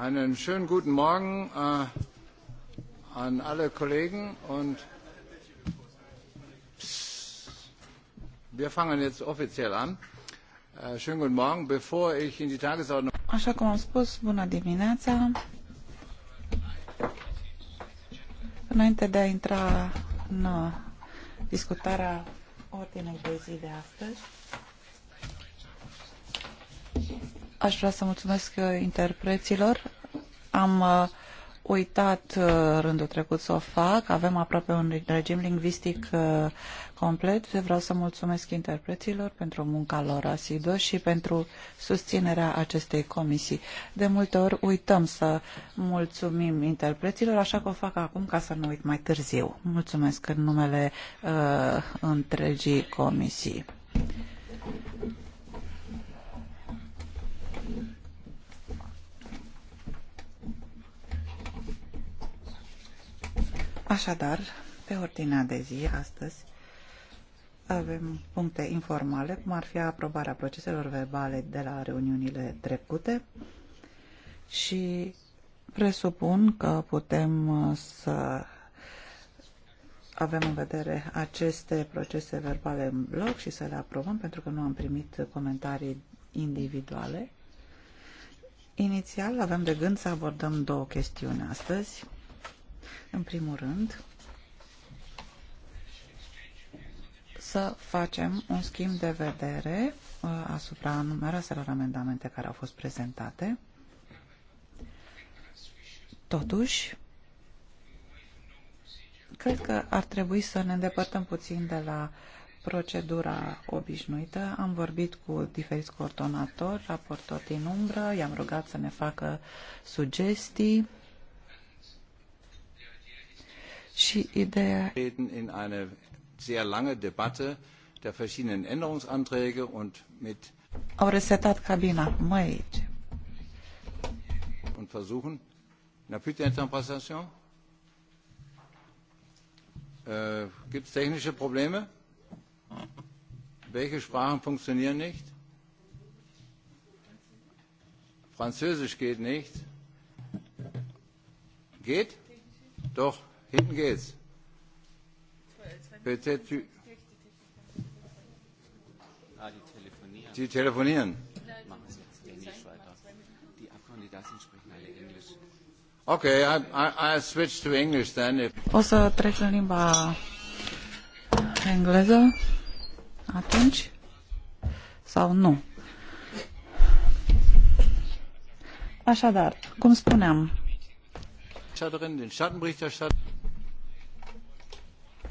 Einen schönen guten Morgen äh, an alle Kollegen und pss, wir fangen jetzt offiziell an. Äh, schönen guten Morgen, bevor ich in die Tagesordnung. Așa cum am spus, bună dimineața. Înainte de a intra în uh, discutarea ordinei de zi de astăzi, Aș vrea să mulțumesc uh, interpreților. Am uh, uitat uh, rândul trecut să o fac. Avem aproape un regim lingvistic complet. Vreau să mulțumesc interpreților pentru munca lor asiduă și pentru susținerea acestei comisii. De multe ori uităm să mulțumim interpreților, așa că o fac acum ca să nu uit mai târziu. Mulțumesc în numele uh, întregii comisii. Așadar, pe ordinea de zi astăzi avem puncte informale, cum ar fi aprobarea proceselor verbale de la reuniunile trecute și presupun că putem uh, să avem în vedere aceste procese verbale în bloc și să le aprobăm pentru că nu am primit comentarii individuale. Inițial avem de gând să abordăm două chestiuni astăzi. În primul rând, să facem un schimb de vedere uh, asupra numeroaselor amendamente care au fost prezentate. Totuși, cred că ar trebui să ne îndepărtăm puțin de la procedura obișnuită. Am vorbit cu diferiți coordonatori, raportori din umbră, i-am rugat să ne facă sugestii și ideea au resetat cabina. Mă aici. Und versuchen. plus d'interprétation? Äh, Gibt es technische Probleme? Welche Sprachen funktionieren nicht? Französisch geht nicht. Geht? Doch. Hingez. Ah, die telefonieren. Die telefonieren. Machen Sie jetzt Englisch weiter. Die Abgeordneten sprechen alle Englisch. Okay, I, I, I switch to English then. If... O să trec în limba engleză atunci sau nu. Așadar, cum spuneam,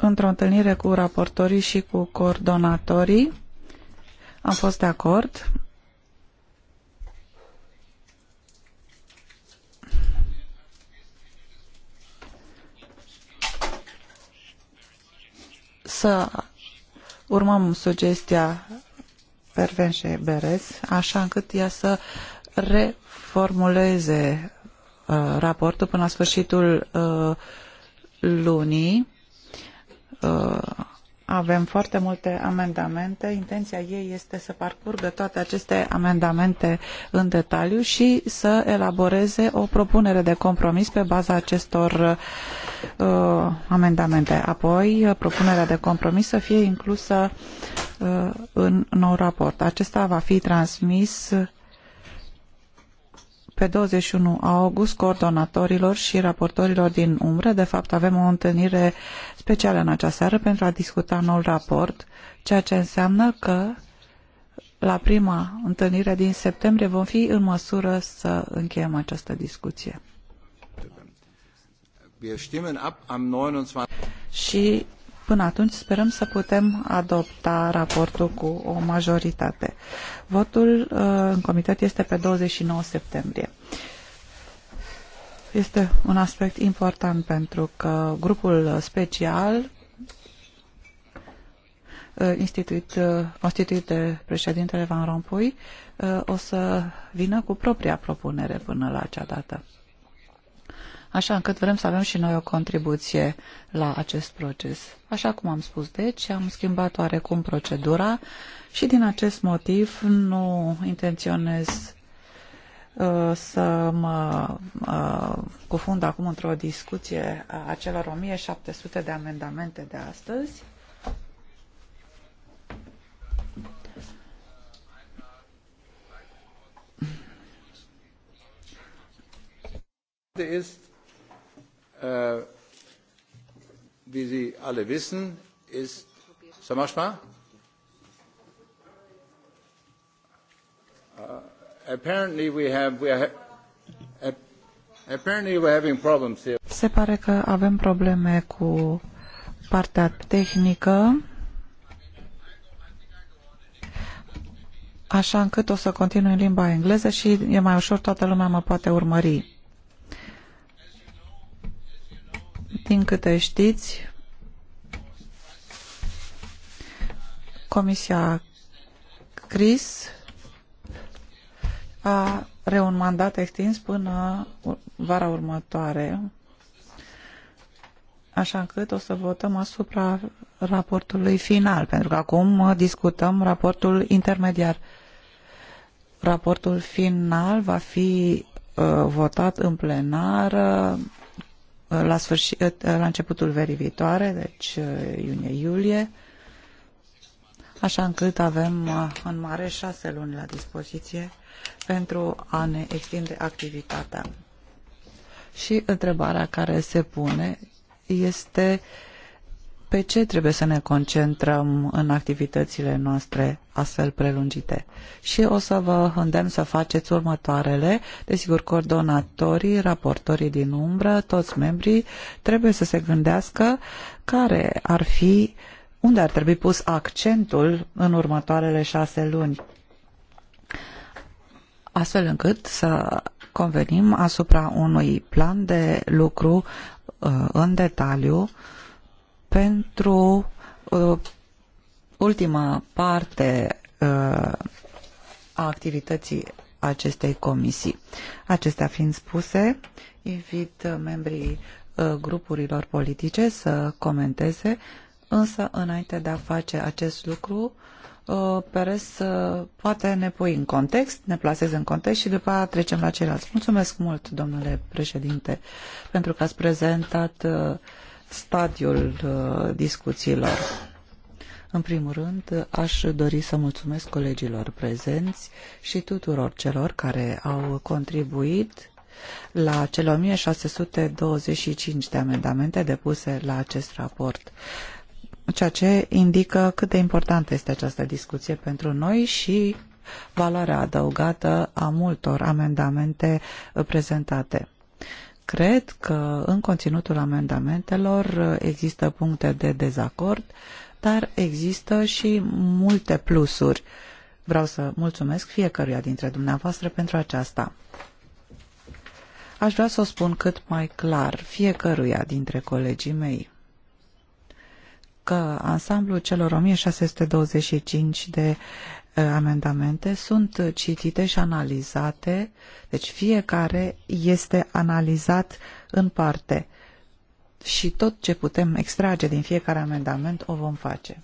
într-o întâlnire cu raportorii și cu coordonatorii. Am fost de acord. Să urmăm sugestia Pervenșe Berez, așa încât ea să reformuleze uh, raportul până la sfârșitul uh, lunii Uh, avem foarte multe amendamente. Intenția ei este să parcurgă toate aceste amendamente în detaliu și să elaboreze o propunere de compromis pe baza acestor uh, amendamente. Apoi, uh, propunerea de compromis să fie inclusă uh, în nou raport. Acesta va fi transmis pe 21 august coordonatorilor și raportorilor din umbră. De fapt, avem o întâlnire specială în această seară pentru a discuta noul raport, ceea ce înseamnă că la prima întâlnire din septembrie vom fi în măsură să încheiem această discuție. Și Până atunci sperăm să putem adopta raportul cu o majoritate. Votul uh, în comitet este pe 29 septembrie. Este un aspect important pentru că grupul special uh, instituit, uh, constituit de președintele Van Rompuy o să vină cu propria propunere până la acea dată așa încât vrem să avem și noi o contribuție la acest proces. Așa cum am spus, deci, am schimbat oarecum procedura și din acest motiv nu intenționez uh, să mă uh, cufund acum într-o discuție a celor 1700 de amendamente de astăzi. Este Äh, wie Sie alle wissen, ist äh, Se pare că avem probleme cu partea tehnică. Așa încât o să continui în limba engleză și e mai ușor, toată lumea mă poate urmări. Din câte știți, Comisia CRIS are un mandat extins până vara următoare, așa încât o să votăm asupra raportului final, pentru că acum uh, discutăm raportul intermediar. Raportul final va fi uh, votat în plenară la, sfârșit, eh, la începutul verii viitoare, deci eh, iunie-iulie, așa încât avem eh, în mare șase luni la dispoziție pentru a ne extinde activitatea. Și întrebarea care se pune este uh, pe ce trebuie să ne concentrăm în activitățile noastre astfel prelungite. Și o să vă îndemn să faceți următoarele. Desigur, coordonatorii, raportorii din umbră, toți membrii trebuie să se gândească care ar fi, unde ar trebui pus accentul în următoarele șase luni. Astfel încât să convenim asupra unui plan de lucru uh, în detaliu uh, pentru uh, ultima parte uh, a activității acestei comisii. Acestea fiind spuse, invit uh, membrii uh, grupurilor politice să comenteze, însă înainte de a face acest lucru, uh, Perez uh, poate ne pui în context, ne plasez în context și după aia trecem la ceilalți. Mulțumesc mult, domnule președinte, pentru că ați prezentat stadiul uh, discuțiilor. În primul rând, aș dori să mulțumesc colegilor prezenți și tuturor celor care au contribuit la cele 1625 de amendamente depuse la acest raport, ceea ce indică cât de importantă este această discuție pentru noi și valoarea adăugată a multor amendamente prezentate cred că în conținutul amendamentelor există puncte de dezacord, dar există și multe plusuri. Vreau să mulțumesc fiecăruia dintre dumneavoastră pentru aceasta. Aș vrea să o spun cât mai clar fiecăruia dintre colegii mei că ansamblul celor 1625 de Uh, amendamente sunt citite și analizate, deci fiecare este analizat în parte și tot ce putem extrage din fiecare amendament o vom face.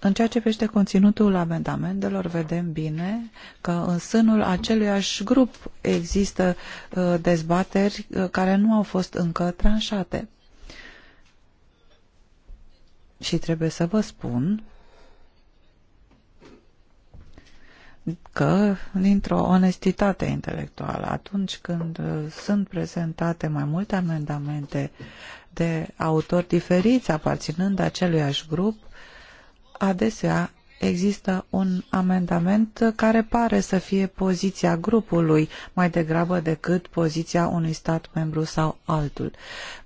În ceea ce privește conținutul amendamentelor, vedem bine că în sânul aceluiași grup există uh, dezbateri uh, care nu au fost încă tranșate. Și trebuie să vă spun că dintr-o onestitate intelectuală. Atunci când uh, sunt prezentate mai multe amendamente de autori diferiți aparținând aceluiași grup, adesea există un amendament care pare să fie poziția grupului mai degrabă decât poziția unui stat membru sau altul.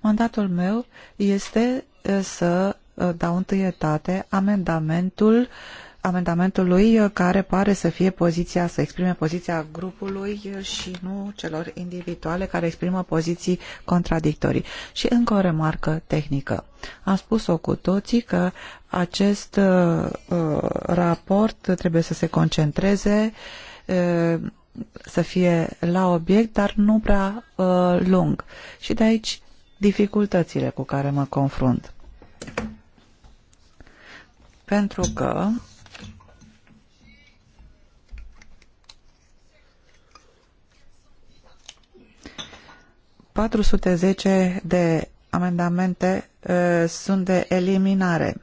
Mandatul meu este uh, să uh, dau întâietate amendamentul uh, amendamentului care pare să fie poziția, să exprime poziția grupului și nu celor individuale care exprimă poziții contradictorii. Și încă o remarcă tehnică. Am spus-o cu toții că acest uh, raport trebuie să se concentreze uh, să fie la obiect, dar nu prea uh, lung. Și de aici dificultățile cu care mă confrunt. Pentru că 410 de amendamente uh, sunt de eliminare,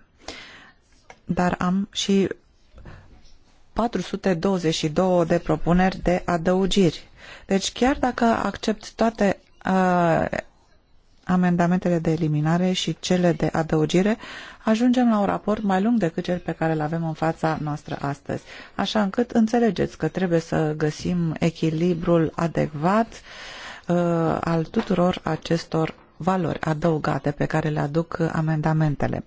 dar am și 422 de propuneri de adăugiri. Deci chiar dacă accept toate uh, amendamentele de eliminare și cele de adăugire, ajungem la un raport mai lung decât cel pe care îl avem în fața noastră astăzi. Așa încât înțelegeți că trebuie să găsim echilibrul adecvat uh, Uh, al tuturor acestor valori adăugate pe care le aduc uh, amendamentele.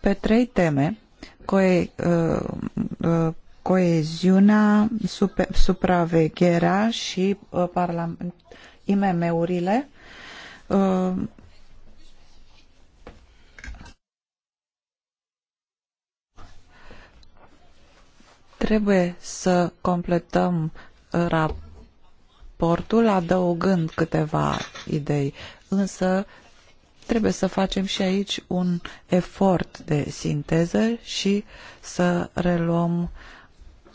Pe trei teme, coe, uh, coeziunea, supravegherea și parlament, IMM-urile, trebuie să completăm rap raportul adăugând câteva idei, însă trebuie să facem și aici un efort de sinteză și să reluăm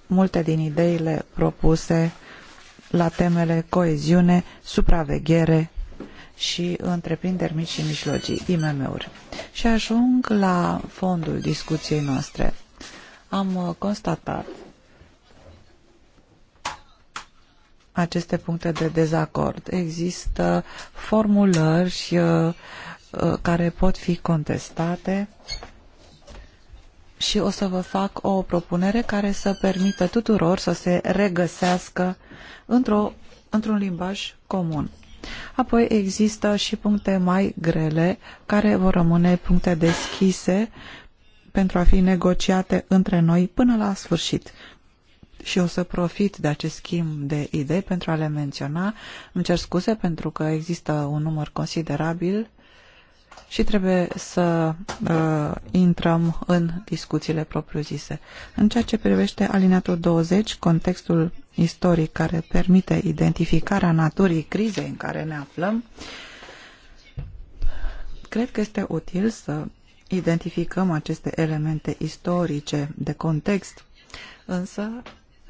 multe din ideile propuse la temele coeziune, supraveghere și întreprinderi mici și mijlocii, IMM-uri. Și ajung la fondul discuției noastre. Am constatat aceste puncte de dezacord. Există formulări uh, uh, care pot fi contestate și o să vă fac o propunere care să permită tuturor să se regăsească într-un într limbaj comun. Apoi există și puncte mai grele care vor rămâne puncte deschise pentru a fi negociate între noi până la sfârșit și o să profit de acest schimb de idei pentru a le menționa. Îmi cer scuze pentru că există un număr considerabil și trebuie să uh, intrăm în discuțiile propriu-zise. În ceea ce privește alineatul 20, contextul istoric care permite identificarea naturii crizei în care ne aflăm, cred că este util să identificăm aceste elemente istorice de context, însă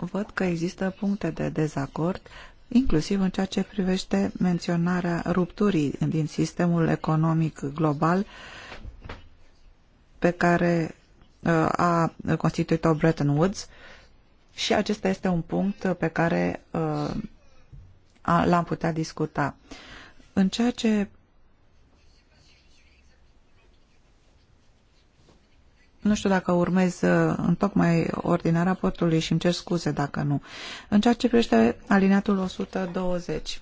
văd că există puncte de dezacord, inclusiv în ceea ce privește menționarea rupturii din sistemul economic global pe care uh, a constituit-o Bretton Woods și acesta este un punct pe care uh, l-am putea discuta. În ceea ce Nu știu dacă urmez uh, în tocmai ordinea raportului și îmi cer scuze dacă nu. În ceea ce privește alineatul 120,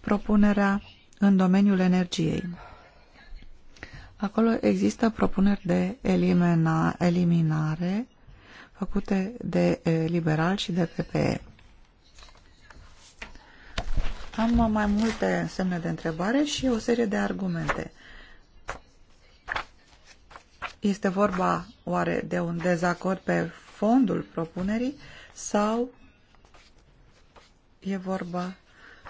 propunerea în domeniul energiei. Acolo există propuneri de elimina, eliminare făcute de liberal și de PPE. Am mai multe semne de întrebare și o serie de argumente. Este vorba oare de un dezacord pe fondul propunerii sau e vorba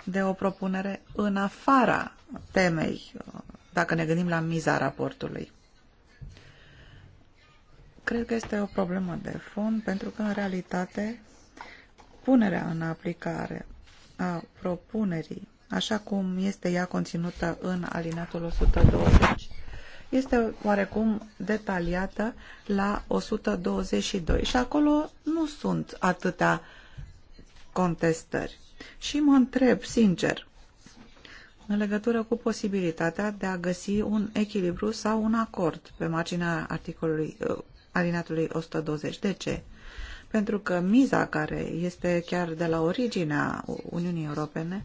de o propunere în afara temei, dacă ne gândim la miza raportului? Cred că este o problemă de fond, pentru că, în realitate, punerea în aplicare a propunerii, așa cum este ea conținută în alinatul 120, este oarecum detaliată la 122 și acolo nu sunt atâtea contestări. Și mă întreb, sincer, în legătură cu posibilitatea de a găsi un echilibru sau un acord pe marginea articolului uh, alinatului 120. De ce? Pentru că miza care este chiar de la originea Uniunii Europene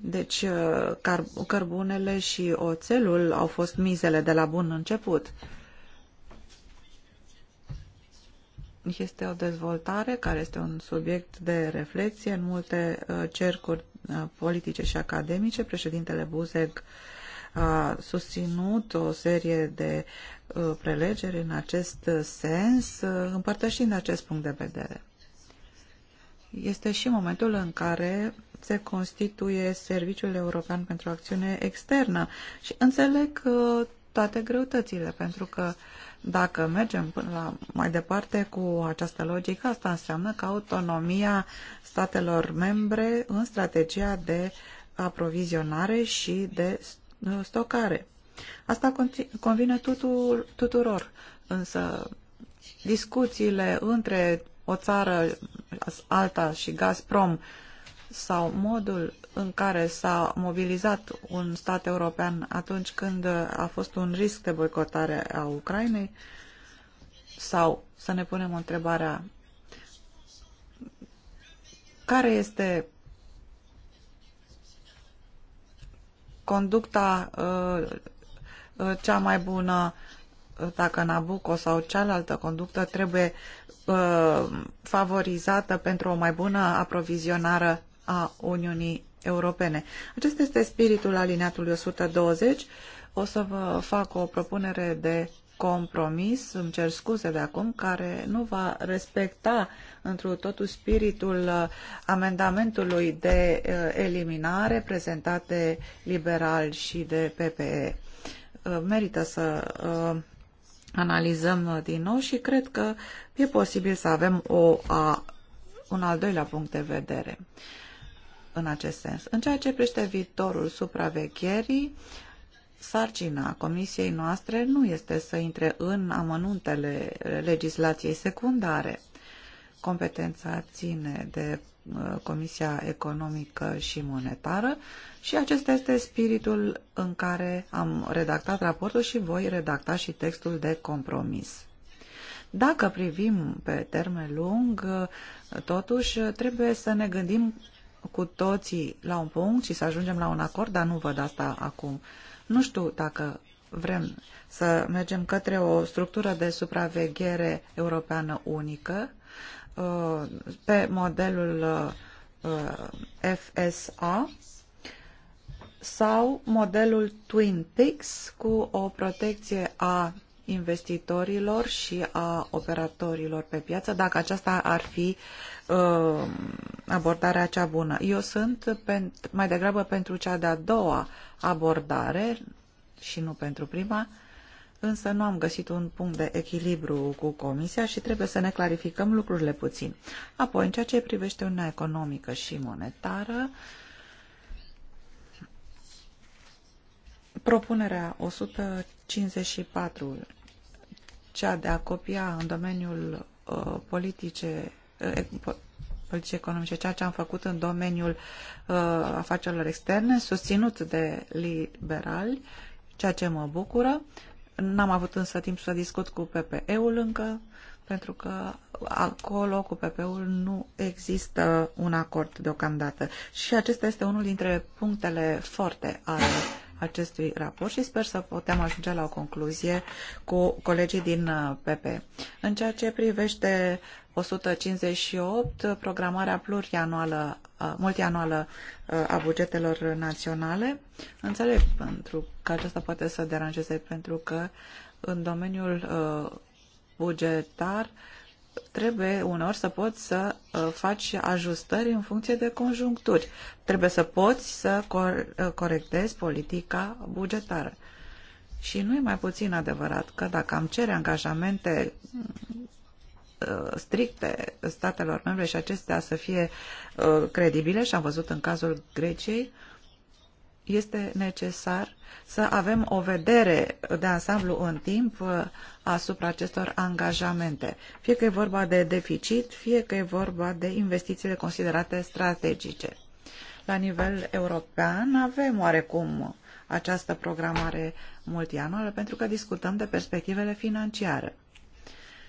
deci uh, cărbunele și oțelul au fost mizele de la bun început. Este o dezvoltare care este un subiect de reflexie în multe uh, cercuri uh, politice și academice. Președintele Buzek a susținut o serie de prelegeri în acest sens, împărtășind acest punct de vedere. Este și momentul în care se constituie Serviciul European pentru Acțiune Externă și înțeleg uh, toate greutățile, pentru că dacă mergem până la mai departe cu această logică, asta înseamnă că autonomia statelor membre în strategia de aprovizionare și de uh, stocare. Asta convine tutul, tuturor, însă discuțiile între o țară alta și Gazprom sau modul în care s-a mobilizat un stat european atunci când a fost un risc de boicotare a Ucrainei? Sau să ne punem întrebarea care este conducta uh, uh cea mai bună uh, dacă Nabucco sau cealaltă conductă trebuie uh, favorizată pentru o mai bună aprovizionare a Uniunii Europene. Acesta este spiritul alineatului 120. O să vă fac o propunere de compromis, îmi cer scuze de acum, care nu va respecta întru totul spiritul uh, amendamentului de uh, eliminare prezentat de liberal și de PPE. Uh, merită să analizăm din nou și cred că e posibil să avem o, a, un al doilea punct de vedere. Uh, în acest sens. În ceea ce privește viitorul supravegherii, sarcina comisiei noastre nu este să intre în amănuntele legislației secundare. Competența ține de uh, Comisia Economică și Monetară și acesta este spiritul în care am redactat raportul și voi redacta și textul de compromis. Dacă privim pe termen lung, uh, totuși trebuie să ne gândim cu toții la un punct și să ajungem la un acord, dar nu văd asta acum. Nu știu dacă vrem să mergem către o structură de supraveghere europeană unică uh, pe modelul uh, FSA sau modelul Twin Peaks cu o protecție a investitorilor și a operatorilor pe piață, dacă aceasta ar fi uh, abordarea cea bună. Eu sunt mai degrabă pentru cea de-a doua abordare și nu pentru prima, însă nu am găsit un punct de echilibru cu Comisia și trebuie să ne clarificăm lucrurile puțin. Apoi, în ceea ce privește Uniunea Economică și Monetară, propunerea 100 54, cea de a copia în domeniul uh, politice, uh, economice, ceea ce am făcut în domeniul uh, afacerilor externe, susținut de liberali, ceea ce mă bucură. N-am avut însă timp să discut cu PPE-ul încă, pentru că acolo cu ppe ul nu există un acord deocamdată. Și acesta este unul dintre punctele forte ale acestui raport și sper să putem ajunge la o concluzie cu colegii din PP. Uh, în ceea ce privește 158, programarea plurianuală, uh, multianuală uh, a bugetelor naționale, înțeleg pentru că aceasta poate să deranjeze pentru că în domeniul bugetar uh, trebuie unor să poți să uh, faci ajustări în funcție de conjuncturi. Trebuie să poți să cor- uh, corectezi politica bugetară. Și nu e mai puțin adevărat că dacă am cere angajamente uh, stricte statelor membre și acestea să fie credibile, și am văzut în cazul Greciei, este necesar să avem o vedere de ansamblu în timp uh, asupra acestor angajamente. Fie că e vorba de deficit, fie că e vorba de investițiile considerate strategice. La nivel european avem oarecum această programare multianuală pentru că discutăm de perspectivele financiare.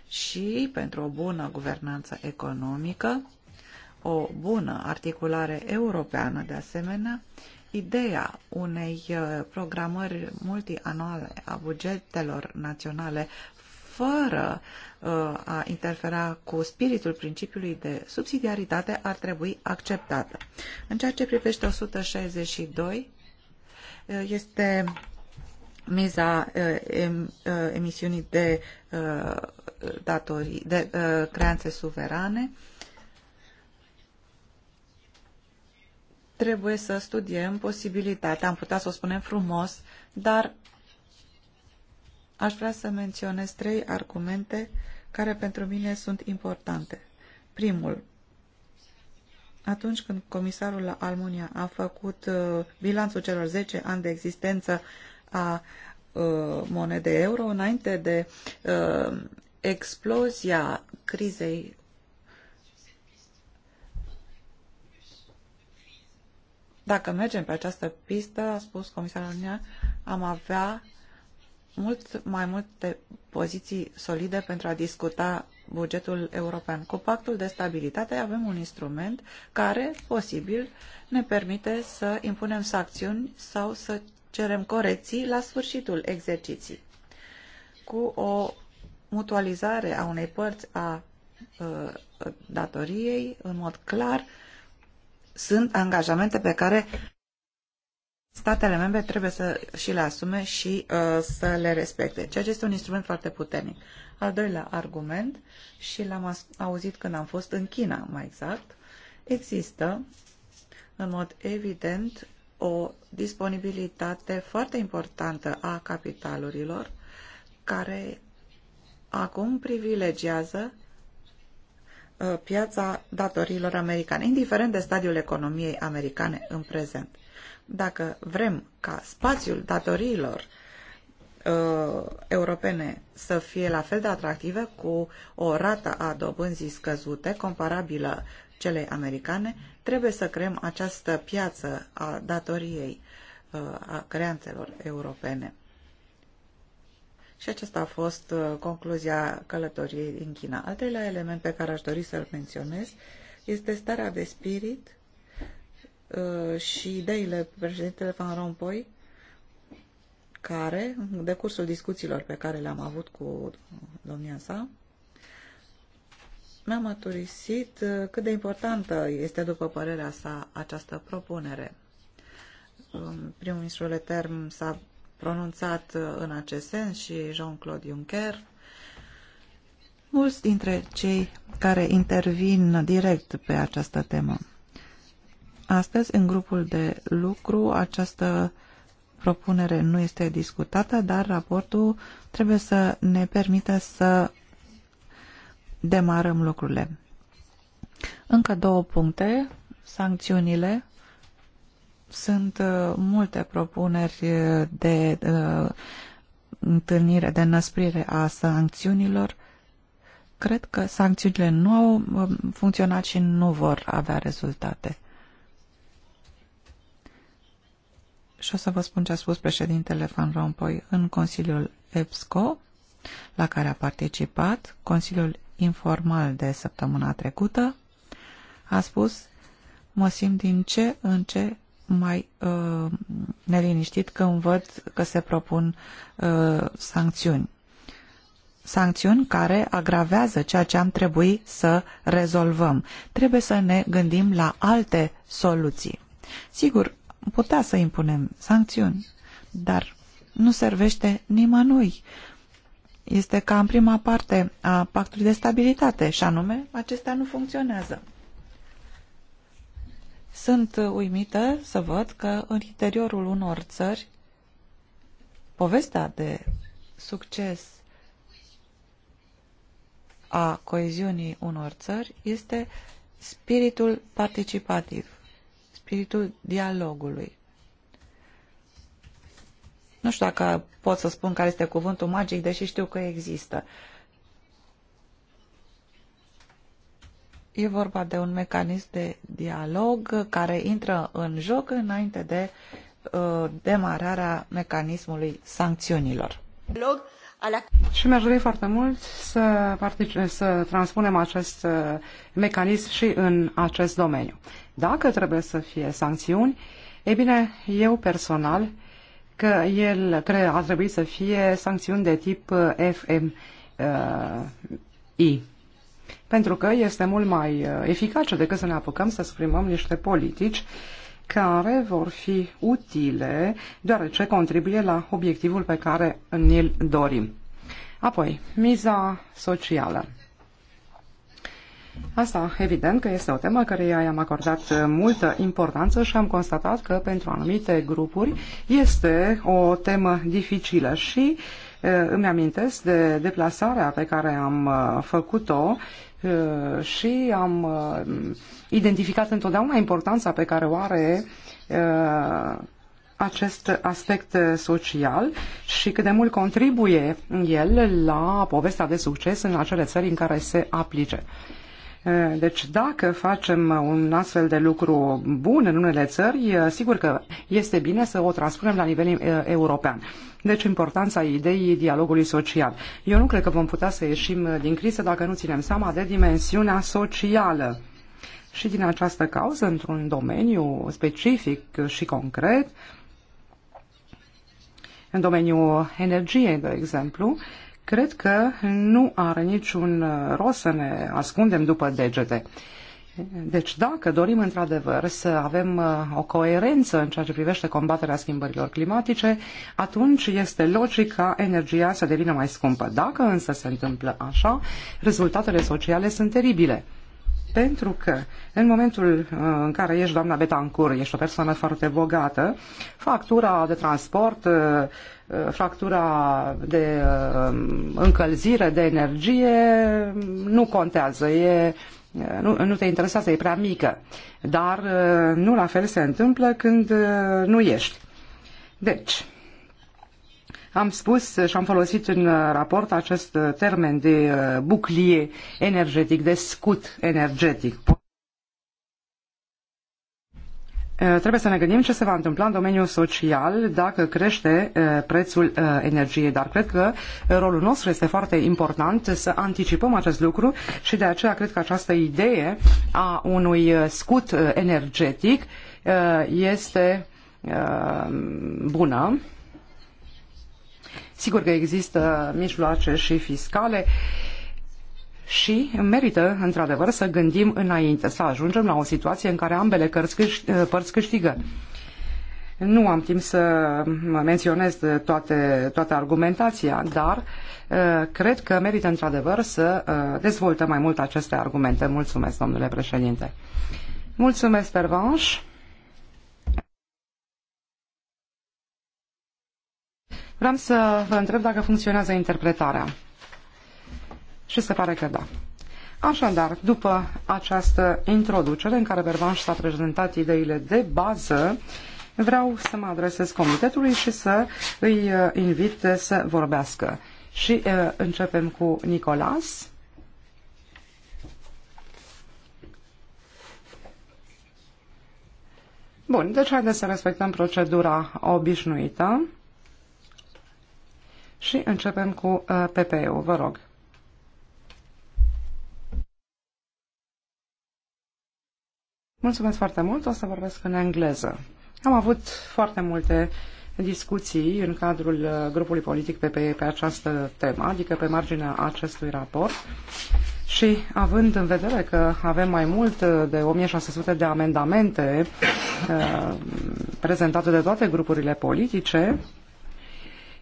Și pentru o bună guvernanță economică, o bună articulare europeană de asemenea, Ideea unei uh, programări multianuale a bugetelor naționale fără uh, a interfera cu spiritul principiului de subsidiaritate ar trebui acceptată. În ceea ce privește 162, uh, este miza emisiunii de, datorii, de creanțe suverane, trebuie să studiem posibilitatea, am putea să o spunem frumos, dar aș vrea să menționez trei argumente care pentru mine sunt importante. Primul, atunci când comisarul la Almunia a făcut uh, bilanțul celor 10 ani de existență a uh, monedei euro, înainte de uh, explozia crizei Dacă mergem pe această pistă, a spus comisarul Unia, am avea mult mai multe poziții solide pentru a discuta bugetul european. Cu pactul de stabilitate avem un instrument care, posibil, ne permite să impunem sancțiuni sau să cerem corecții la sfârșitul exerciții. Cu o mutualizare a unei părți a, a uh, datoriei, în mod clar, sunt angajamente pe care statele membre trebuie să și le asume și uh, să le respecte, ceea ce este un instrument foarte puternic. Al doilea argument, și l-am auzit când am fost în China, mai exact, există, în mod evident, o disponibilitate foarte importantă a capitalurilor, care acum privilegiază Uh, piața datorilor americane, indiferent de stadiul economiei americane în prezent. Dacă vrem ca spațiul datoriilor uh, europene să fie la fel de atractive cu o rată a dobânzii scăzute, comparabilă celei americane, trebuie să creăm această piață a datoriei uh, a creanțelor europene. Și acesta a fost uh, concluzia călătoriei în China. Al treilea element pe care aș dori să-l menționez este starea de spirit uh, și ideile președintele Van Rompuy care, în decursul discuțiilor pe care le-am avut cu domnia sa, mi-a măturisit uh, cât de importantă este, după părerea sa, această propunere. Um, Primul ministru Leterm s-a pronunțat uh, în acest sens și Jean-Claude Juncker. Mulți dintre cei care intervin direct pe această temă. Astăzi, în grupul de lucru, această propunere nu este discutată, dar raportul trebuie să ne permită să demarăm lucrurile. Încă două puncte, sancțiunile sunt uh, multe propuneri uh, de uh, întâlnire, de năsprire a sancțiunilor. Cred că sancțiunile nu au um, funcționat și nu vor avea rezultate. Și o să vă spun ce a spus președintele Van Rompuy în Consiliul EPSCO, la care a participat, Consiliul Informal de săptămâna trecută, a spus, mă simt din ce în ce mai uh, neliniștit când văd că se propun uh, sancțiuni. Sancțiuni care agravează ceea ce am trebuit să rezolvăm. Trebuie să ne gândim la alte soluții. Sigur, putea să impunem sancțiuni, dar nu servește nimănui. Este ca în prima parte a pactului de stabilitate, și anume, acestea nu funcționează. Sunt uh, uimită să văd că în interiorul unor țări povestea de succes a coeziunii unor țări este spiritul participativ, spiritul dialogului. Nu știu dacă pot să spun care este cuvântul magic, deși știu că există. Uh, E vorba de un mecanism de dialog care intră în joc înainte de uh, demararea mecanismului sancțiunilor. Și mi-aș dori foarte mult să, partic- să transpunem acest uh, mecanism și în acest domeniu. Dacă trebuie să fie sancțiuni, e bine, eu personal că el cred, ar trebui să fie sancțiuni de tip uh, FMI. Uh, pentru că este mult mai uh, eficace decât să ne apucăm să exprimăm niște politici care vor fi utile, deoarece contribuie la obiectivul pe care ni-l dorim. Apoi, miza socială. Asta, evident, că este o temă care i-am acordat uh, multă importanță și am constatat că pentru anumite grupuri este o temă dificilă și uh, îmi amintesc de deplasarea pe care am făcut-o Eh, și am eh, identificat întotdeauna importanța pe care o are eh, acest aspect social și cât de mult contribuie el la povestea de succes în acele țări în care se aplice. Deci dacă facem un astfel de lucru bun în unele țări, sigur că este bine să o transpunem la nivel european. Deci importanța ideii dialogului social. Eu nu cred că vom putea să ieșim din criză dacă nu ținem seama de dimensiunea socială. Și din această cauză, într-un domeniu specific și concret, în domeniul energiei, de exemplu, cred că nu are niciun uh, rost să ne ascundem după degete. Deci dacă dorim într-adevăr să avem uh, o coerență în ceea ce privește combaterea schimbărilor climatice, atunci este logic ca energia să devină mai scumpă. Dacă însă se întâmplă așa, rezultatele sociale sunt teribile. Pentru că în momentul uh, în care ești doamna Betancur, ești o persoană foarte bogată, factura de transport factura de uh, încălzire, de energie, nu contează, e, uh, nu, nu te interesează, e prea mică. Dar uh, nu la fel se întâmplă când nu ești. Deci, am spus și am folosit în raport acest termen de buclie energetic, de scut energetic. Eh, trebuie să ne gândim ce se va întâmpla în domeniul social dacă crește eh, prețul eh, energiei, dar cred că rolul nostru este foarte important să anticipăm acest lucru și de aceea cred că această idee a unui scut energetic este bună. Sigur că există mijloace și fiscale uh, și merită, într-adevăr, să gândim înainte, să ajungem la o situație în care ambele eh, părți câștigă. Nu am timp să menționez toate, toată argumentația, dar eh, cred că merită, într-adevăr, să eh, dezvoltăm mai mult aceste argumente. Mulțumesc, domnule președinte. Mulțumesc, Pervanș. Vreau să vă întreb dacă funcționează interpretarea. Și se pare că da. Așadar, după această introducere în care Bervanș s-a prezentat ideile de bază, vreau să mă adresez comitetului și să îi uh, invit să vorbească. Și uh, începem cu Nicolas. Bun, deci haideți să respectăm procedura obișnuită și începem cu uh, PPE-ul, vă rog. Mulțumesc foarte mult, o să vorbesc în engleză. Am avut foarte multe discuții în cadrul uh, grupului politic PPE pe această temă, adică pe marginea acestui raport. Și având în vedere că avem mai mult uh, de 1600 de amendamente uh, prezentate de toate grupurile politice,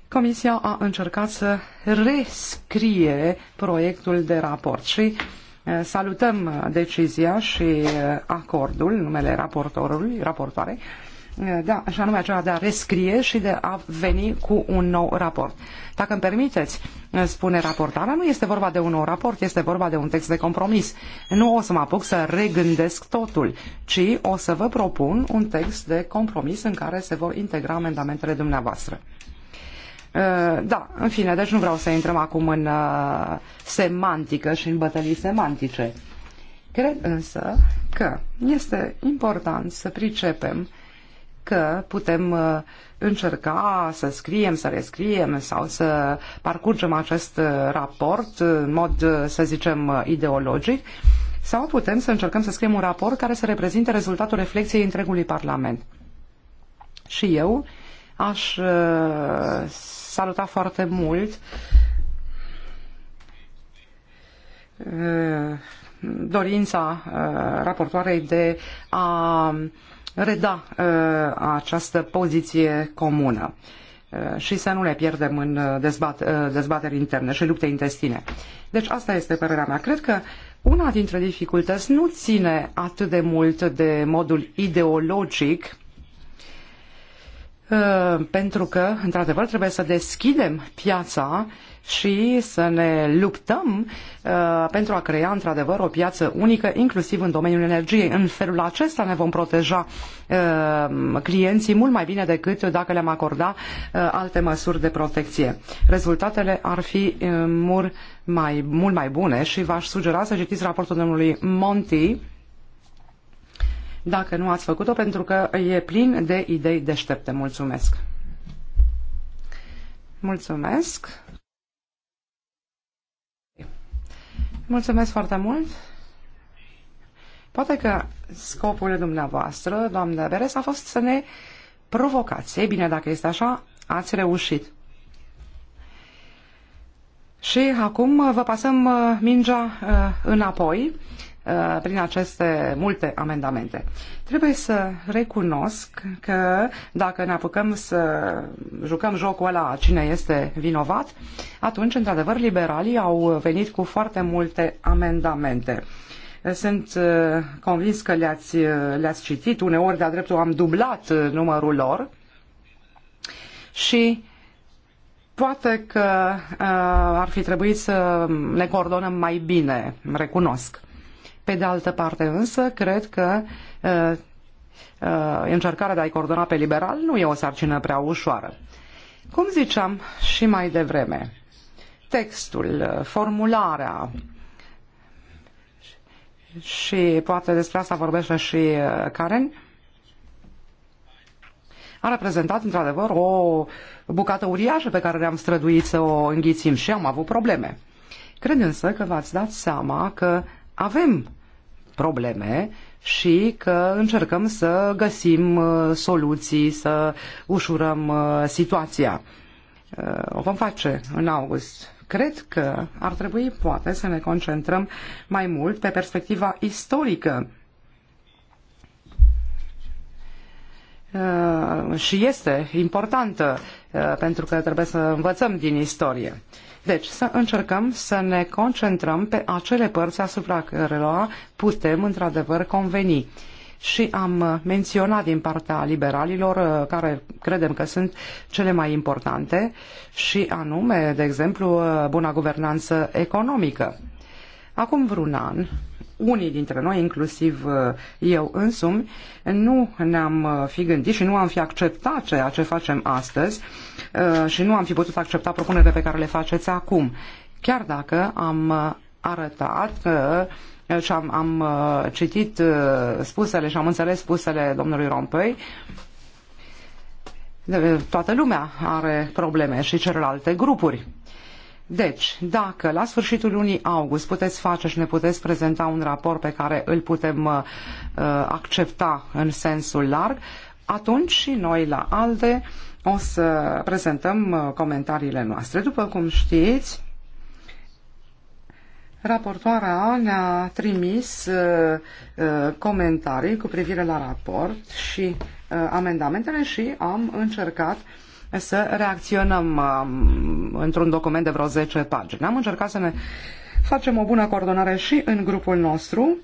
Comisia a încercat să rescrie proiectul de raport și Salutăm uh, decizia și uh, acordul, numele raportorului, raportoare, uh, da, și anume aceea de a rescrie și de a veni cu un nou raport. Dacă îmi permiteți, spune raportarea, nu este vorba de un nou raport, este vorba de un text de compromis. Nu o să mă apuc să regândesc totul, ci o să vă propun un text de compromis în care se vor integra amendamentele dumneavoastră. Uh, da, în fine, deci nu vreau să intrăm acum în uh, semantică și în bătălii semantice. Cred însă că este important să pricepem că putem uh, încerca să scriem, să rescriem sau să parcurgem acest uh, raport uh, în mod, uh, să zicem, ideologic sau putem să încercăm să scriem un raport care să reprezinte rezultatul reflexiei întregului Parlament. Și eu aș Saluta foarte mult uh, dorința uh, raportoarei de a reda uh, această poziție comună și să nu le pierdem în dezbat, dezbateri interne și lupte intestine. Deci asta este părerea mea. Cred că una dintre dificultăți nu ține atât de mult de modul ideologic Uh, pentru că, într-adevăr, trebuie să deschidem piața și să ne luptăm uh, pentru a crea, într-adevăr, o piață unică, inclusiv în domeniul energiei. În felul acesta ne vom proteja uh, clienții mult mai bine decât dacă le-am acorda uh, alte măsuri de protecție. Rezultatele ar fi uh, mult, mai, mult mai bune și v-aș sugera să citiți raportul domnului Monti, dacă nu ați făcut-o, pentru că e plin de idei deștepte. Mulțumesc! Mulțumesc! Mulțumesc foarte mult! Poate că scopul dumneavoastră, doamnă Beres, a fost să ne provocați. Ei bine, dacă este așa, ați reușit. Și acum vă pasăm uh, mingea uh, înapoi Uh, prin aceste multe amendamente. Trebuie să recunosc că dacă ne apucăm să jucăm jocul ăla cine este vinovat, atunci, într-adevăr, liberalii au venit cu foarte multe amendamente. Sunt uh, convins că le-ați, uh, le-ați citit, uneori de-a dreptul am dublat numărul lor și poate că ar fi trebuit să ne coordonăm mai bine, recunosc. Pe de altă parte însă, cred că uh, uh, încercarea de a-i coordona pe liberal nu e o sarcină prea ușoară. Cum ziceam și mai devreme, textul, uh, formularea și poate despre asta vorbește și uh, Karen, a reprezentat într-adevăr o bucată uriașă pe care ne-am străduit să o înghițim și am avut probleme. Cred însă că v-ați dat seama că avem probleme și că încercăm să găsim uh, soluții, să ușurăm uh, situația. Uh, o vom face în august. Cred că ar trebui, poate, să ne concentrăm mai mult pe perspectiva istorică și este importantă pentru că trebuie să învățăm din istorie. Deci să încercăm să ne concentrăm pe acele părți asupra cărora putem într-adevăr conveni și am menționat din partea liberalilor, uh, care credem că sunt cele mai importante, și anume, de exemplu, uh, buna guvernanță economică. Acum vreun an, unii dintre noi, inclusiv uh, eu însumi, nu ne-am fi gândit și nu am fi acceptat ceea ce facem astăzi, Uh, și nu am fi putut accepta propunerile pe care le faceți acum. Chiar dacă am arătat că uh, și am, am uh, citit spusele și am înțeles spusele domnului Rompei, toată lumea are probleme și celelalte grupuri. Deci, dacă la sfârșitul lunii august puteți face și ne puteți prezenta un raport pe care îl putem uh, accepta în sensul larg, atunci și noi la ALDE o să prezentăm uh, comentariile noastre. După cum știți, Raportoarea ne-a trimis uh, uh, comentarii cu privire la raport și amendamentele și am încercat să reacționăm um, într-un document de vreo 10 pagini. Am încercat să ne facem o bună coordonare și în grupul nostru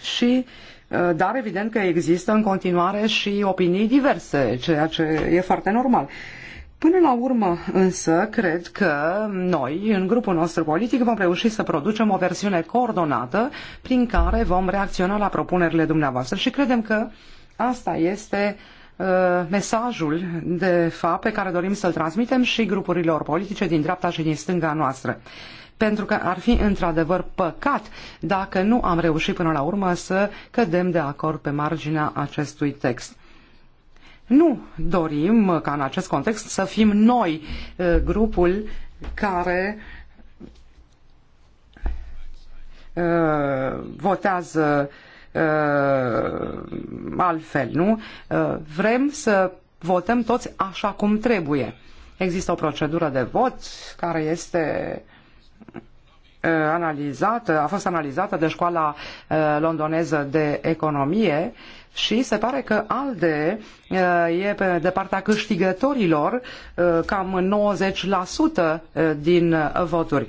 și Eh, dar evident că există în continuare și opinii diverse, ceea ce e foarte normal. Până la urmă, însă, cred că noi, în grupul nostru politic, vom reuși să producem o versiune coordonată prin care vom reacționa la propunerile dumneavoastră și credem că asta este eh, mesajul de fapt pe care dorim să-l transmitem și grupurilor politice din dreapta și din stânga noastră pentru că ar fi într-adevăr păcat dacă nu am reușit până la urmă să cădem de acord pe marginea acestui text. Nu dorim ca în acest context să fim noi uh, grupul care uh, votează uh, altfel, nu? Vrem să votăm toți așa cum trebuie. Există o procedură de vot care este uh, Uh, analizată, a fost analizată de școala uh, londoneză de economie și se pare că ALDE uh, e de partea câștigătorilor cam 90% din voturi.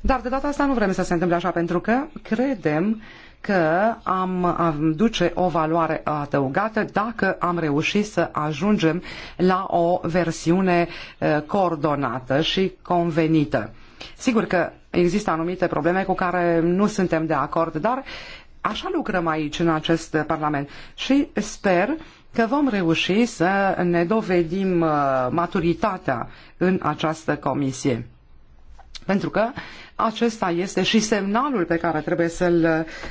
Dar de data asta nu vrem să se întâmple așa pentru că credem că am, am duce o valoare adăugată dacă am reușit să ajungem la o versiune coordonată și convenită Sigur că există anumite probleme cu care nu suntem de acord, dar așa lucrăm aici, în acest Parlament. Și sper că vom reuși să ne dovedim uh, maturitatea în această comisie. Pentru că acesta este și semnalul pe care trebuie să-l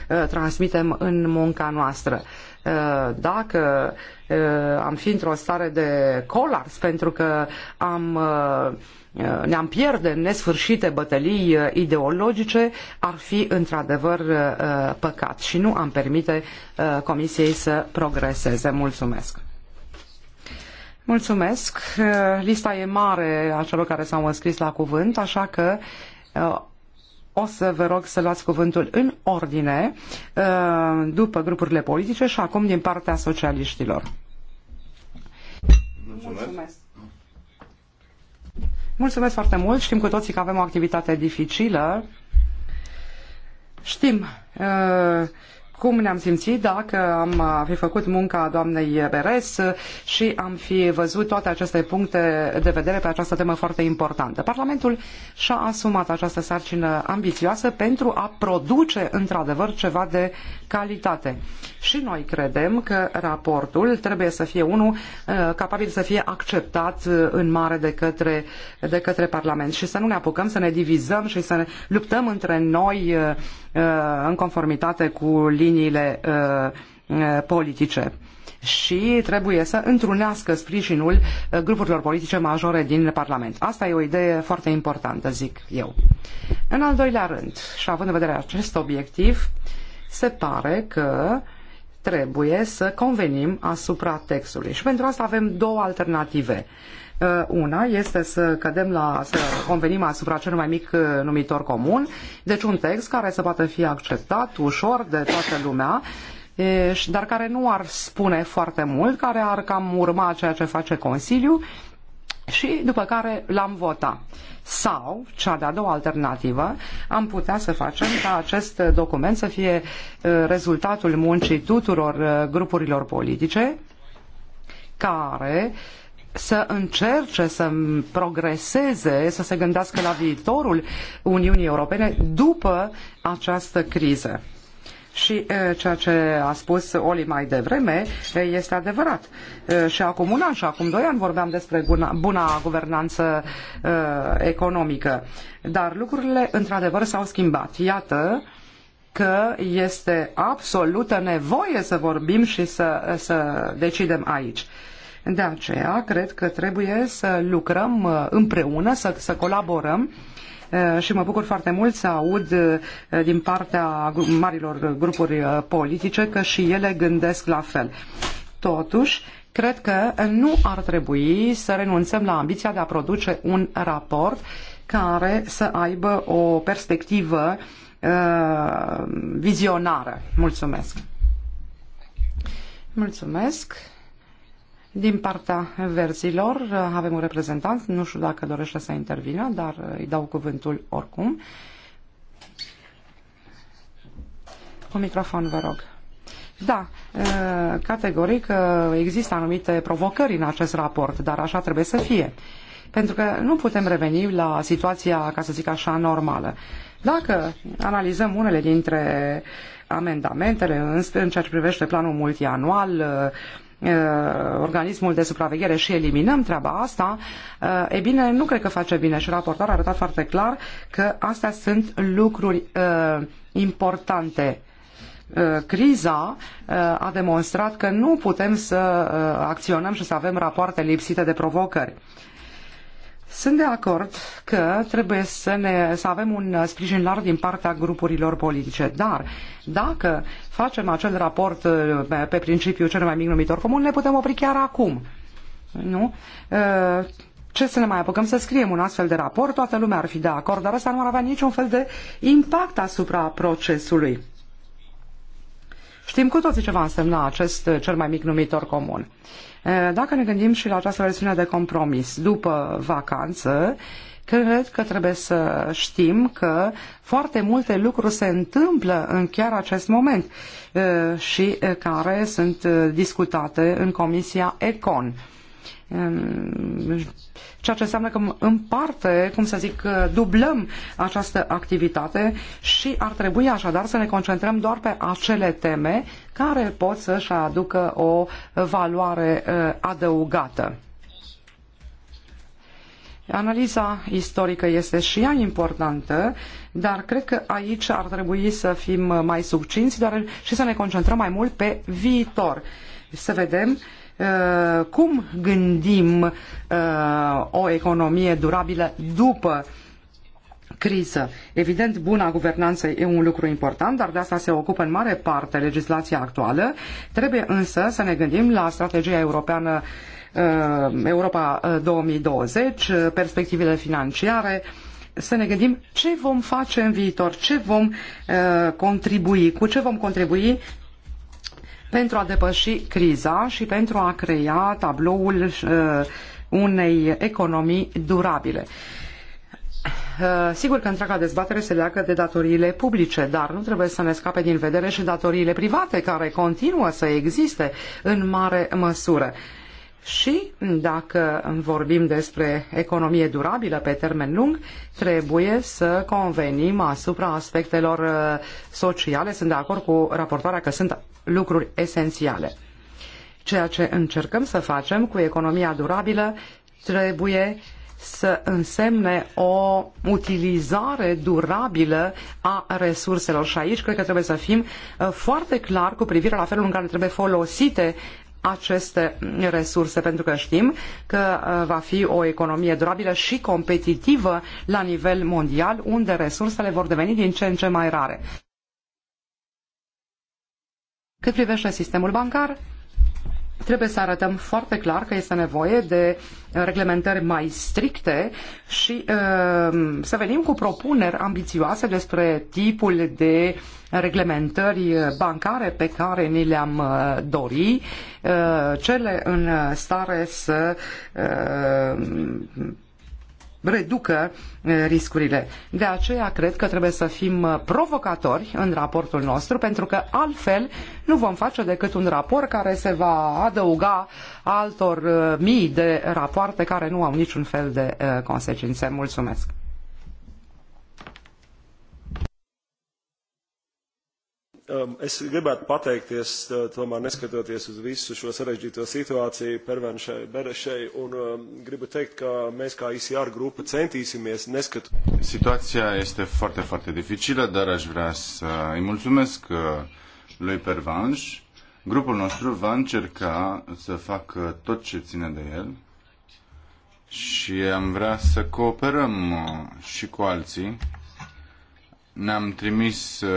uh, transmitem în munca noastră. Uh, dacă am fi într-o stare de colars pentru că am Eh, ne-am pierde în nesfârșite bătălii eh, ideologice, ar fi într-adevăr eh, păcat și nu am permite Comisiei să progreseze. Mulțumesc! Mulțumesc! Lista e mare a celor care s-au înscris la cuvânt, așa că o să vă rog să luați cuvântul în ordine după grupurile politice și acum din partea socialiștilor. Mulțumesc! Mulțumesc. Mulțumesc foarte mult. Știm cu toții că avem o activitate dificilă. Știm uh, cum ne-am simțit dacă am fi făcut munca doamnei Beres și am fi văzut toate aceste puncte de vedere pe această temă foarte importantă. Parlamentul și-a asumat această sarcină ambițioasă pentru a produce într-adevăr ceva de calitate. Și noi credem că raportul trebuie să fie unul capabil să fie acceptat în mare de către, de către Parlament și să nu ne apucăm să ne divizăm și să ne luptăm între noi în conformitate cu liniile uh, uh, politice și trebuie să întrunească sprijinul uh, grupurilor politice majore din Parlament. Asta e o idee foarte importantă, zic eu. În al doilea rând, și având în vedere acest obiectiv, se pare că trebuie să convenim asupra textului. Și pentru asta avem două alternative. Eh, una este să cădem la, să convenim asupra cel mai mic eh, numitor comun, deci un text care să poată fi acceptat ușor de toată lumea, eh, dar care nu ar spune foarte mult, care ar cam urma ceea ce face Consiliu și după care l-am vota. Sau, cea de-a doua alternativă, am putea să facem ca acest document să fie rezultatul muncii tuturor grupurilor politice care uh, să încerce să progreseze, să se gândească la viitorul Uniunii Europene după această criză. Și ceea ce a spus Oli mai devreme este adevărat. Și acum un an și acum doi ani vorbeam despre buna guvernanță economică. Dar lucrurile într-adevăr s-au schimbat. Iată că este absolută nevoie să vorbim și să, să decidem aici. De aceea, cred că trebuie să lucrăm uh, împreună, să, să colaborăm uh, și mă bucur foarte mult să aud uh, din partea marilor grupuri politice că și ele gândesc la fel. Totuși, cred că nu ar trebui să renunțăm la ambiția de a produce un raport care să aibă o perspectivă vizionară. Mulțumesc! Mulțumesc! Din partea verzilor avem un reprezentant, nu știu dacă dorește să intervină, dar îi dau cuvântul oricum. Cu microfon, vă rog. Da, categoric există anumite provocări în acest raport, dar așa trebuie să fie. Pentru că nu putem reveni la situația, ca să zic așa, normală. Dacă analizăm unele dintre amendamentele în ceea ce privește planul multianual, Uh, organismul de supraveghere și eliminăm treaba asta, uh, e bine, nu cred că face bine și raportarea a arătat foarte clar că astea sunt lucruri uh, importante criza a demonstrat că nu putem să acționăm și să avem rapoarte lipsite de provocări. Sunt de acord că trebuie să, ne, să avem un sprijin larg din partea grupurilor politice, dar dacă facem acel raport uh, pe principiul cel mai mic numitor comun, ne putem opri chiar acum. Nu? Uh, ce să ne mai apucăm să scriem un astfel de raport? Toată lumea ar fi de acord, dar asta nu ar avea niciun fel de impact asupra procesului. Știm cu toții ce va însemna acest uh, cel mai mic numitor comun. Eh, dacă ne gândim și la această versiune de compromis după vacanță, cred că trebuie să știm că foarte multe lucruri se întâmplă în chiar acest moment eh, și eh, care sunt discutate în Comisia Econ ceea ce înseamnă că împarte, cum să zic, dublăm această activitate și ar trebui așadar să ne concentrăm doar pe acele teme care pot să-și aducă o valoare uh, adăugată. Analiza istorică este și ea importantă, dar cred că aici ar trebui să fim mai succinți doar și să ne concentrăm mai mult pe viitor. Să vedem uh, Uh, cum gândim uh, o economie durabilă după criză. Evident, buna guvernanță e un lucru important, dar de asta se ocupă în mare parte legislația actuală. Trebuie însă să ne gândim la strategia europeană uh, Europa 2020, perspectivele financiare, să ne gândim ce vom face în viitor, ce vom contribui, cu ce vom contribui pentru a depăși criza și pentru a crea tabloul uh, unei economii durabile. Uh, sigur că întreaga dezbatere se leagă de datoriile publice, dar nu trebuie să ne scape din vedere și datoriile private care continuă să existe în mare măsură. Și dacă vorbim despre economie durabilă pe termen lung, trebuie să convenim asupra aspectelor uh, sociale. Sunt de acord cu raportarea că sunt lucruri esențiale. Ceea ce încercăm să facem cu economia durabilă trebuie să însemne o utilizare durabilă a resurselor. Și aici cred că trebuie să fim uh, foarte clar cu privire la felul în care trebuie folosite aceste resurse, pentru că știm că uh, va fi o economie durabilă și competitivă la nivel mondial, unde resursele vor deveni din ce în ce mai rare. Cât privește sistemul bancar, trebuie să arătăm foarte clar că este nevoie de uh, reglementări mai stricte și uh, să venim cu propuneri ambițioase despre tipul de reglementări bancare pe care ni le-am uh, dori, uh, cele în stare să uh, reducă uh, riscurile. De aceea cred că trebuie să fim uh, provocatori în raportul nostru, pentru că altfel nu vom face decât un raport care se va adăuga altor uh, mii de rapoarte care nu au niciun fel de consecințe. Mulțumesc! Um, es gribētu pateikties, uh, tomēr neskatoties uz visu šo sarežģīto situāciju, pervenšai, berešai, un um, gribu teikt, că mēs ca ICR grupă centīsimies neskat... Situația este foarte, foarte dificilă, dar aș vrea să îi mulțumesc uh, lui Pervanș. Grupul nostru va încerca să facă tot ce ține de el și am vrea să cooperăm uh, și cu alții ne-am trimis uh,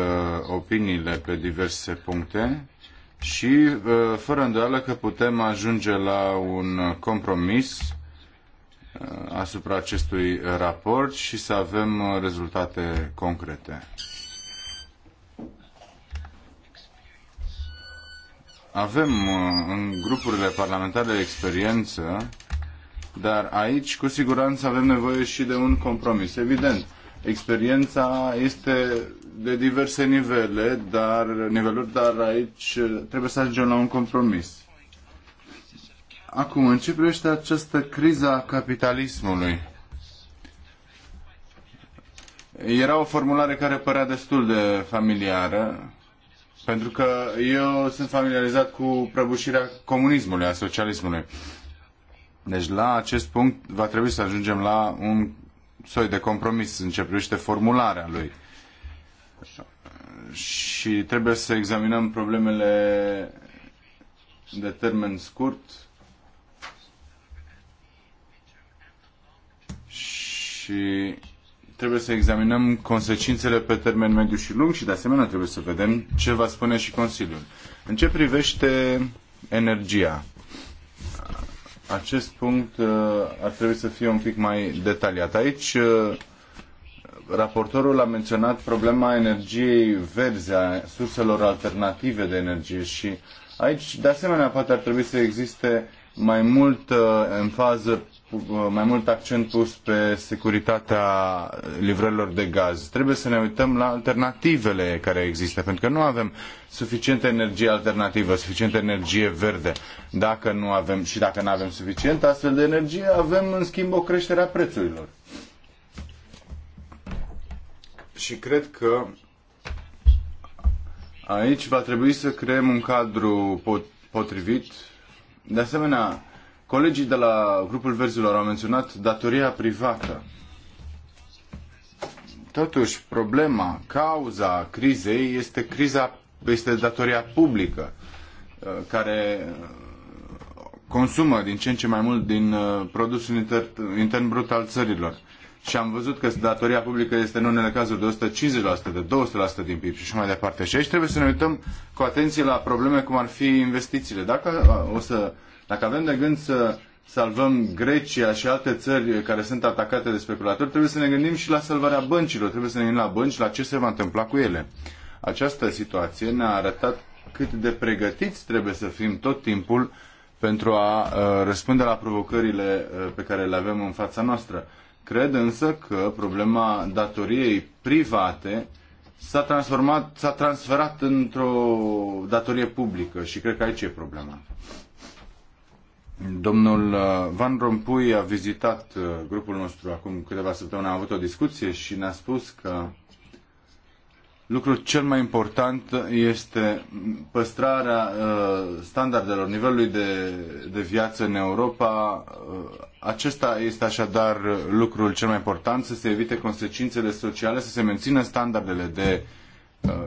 opiniile pe diverse puncte și uh, fără îndoială că putem ajunge la un compromis uh, asupra acestui raport și să avem uh, rezultate concrete. Avem uh, în grupurile parlamentare experiență, dar aici cu siguranță avem nevoie și de un compromis, evident Experiența este de diverse nivele, dar, niveluri, dar aici trebuie să ajungem la un compromis. Acum, în ce privește această criză capitalismului? Era o formulare care părea destul de familiară, pentru că eu sunt familiarizat cu prăbușirea comunismului, a socialismului. Deci la acest punct va trebui să ajungem la un soi de compromis în ce privește formularea lui. Și trebuie să examinăm problemele de termen scurt și trebuie să examinăm consecințele pe termen mediu și lung și de asemenea trebuie să vedem ce va spune și Consiliul. În ce privește energia? acest punct uh, ar trebui să fie un pic mai detaliat. Aici uh, raportorul a menționat problema energiei verzi, a surselor alternative de energie și aici, de asemenea, poate ar trebui să existe mai mult uh, în fază mai mult accent pus pe securitatea livrărilor de gaz. Trebuie să ne uităm la alternativele care există, pentru că nu avem suficientă energie alternativă, suficientă energie verde. Dacă nu avem și dacă nu avem suficient astfel de energie, avem în schimb o creștere a prețurilor. Și cred că aici va trebui să creăm un cadru potrivit. De asemenea, Colegii de la grupul verzilor au menționat datoria privată. Totuși, problema, cauza crizei este, criza, este datoria publică, uh, care uh, consumă din ce în ce mai mult din uh, produsul inter, intern brut al țărilor. Și am văzut că datoria publică este în unele cazuri de 150%, de 200% din PIB și așa mai departe. Și aici trebuie să ne uităm cu atenție la probleme cum ar fi investițiile. Dacă o să dacă avem de gând să salvăm Grecia și alte țări care sunt atacate de speculatori, trebuie să ne gândim și la salvarea băncilor, trebuie să ne gândim la bănci, la ce se va întâmpla cu ele. Această situație ne-a arătat cât de pregătiți trebuie să fim tot timpul pentru a uh, răspunde la provocările uh, pe care le avem în fața noastră. Cred însă că problema datoriei private s-a transformat, s-a transferat într-o datorie publică și cred că aici e problema. Domnul uh, Van Rompuy a vizitat uh, grupul nostru acum câteva săptămâni, a avut o discuție și ne-a spus că lucrul cel mai important este păstrarea uh, standardelor, nivelului de, de viață în Europa. Acesta este așadar lucrul cel mai important, să se evite consecințele sociale, să se mențină standardele de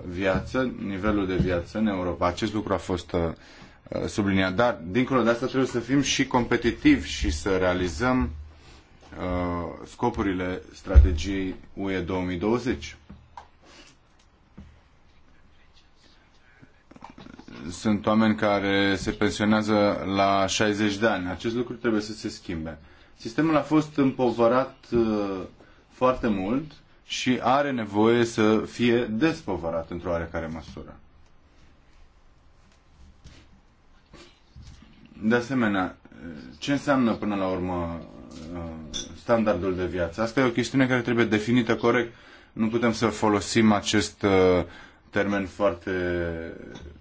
viață, nivelul de viață în Europa. Acest lucru a fost Uh, subliniat. Dar, dincolo de asta, trebuie să fim și competitivi și să realizăm uh, scopurile strategiei UE 2020. Sunt oameni care se pensionează la 60 de ani. Acest lucru trebuie să se schimbe. Sistemul a fost împovărat uh, foarte mult și are nevoie să fie despovărat într-o oarecare măsură. De asemenea, ce înseamnă până la urmă uh, standardul de viață? Asta e o chestiune care trebuie definită corect. Nu putem să folosim acest uh, termen foarte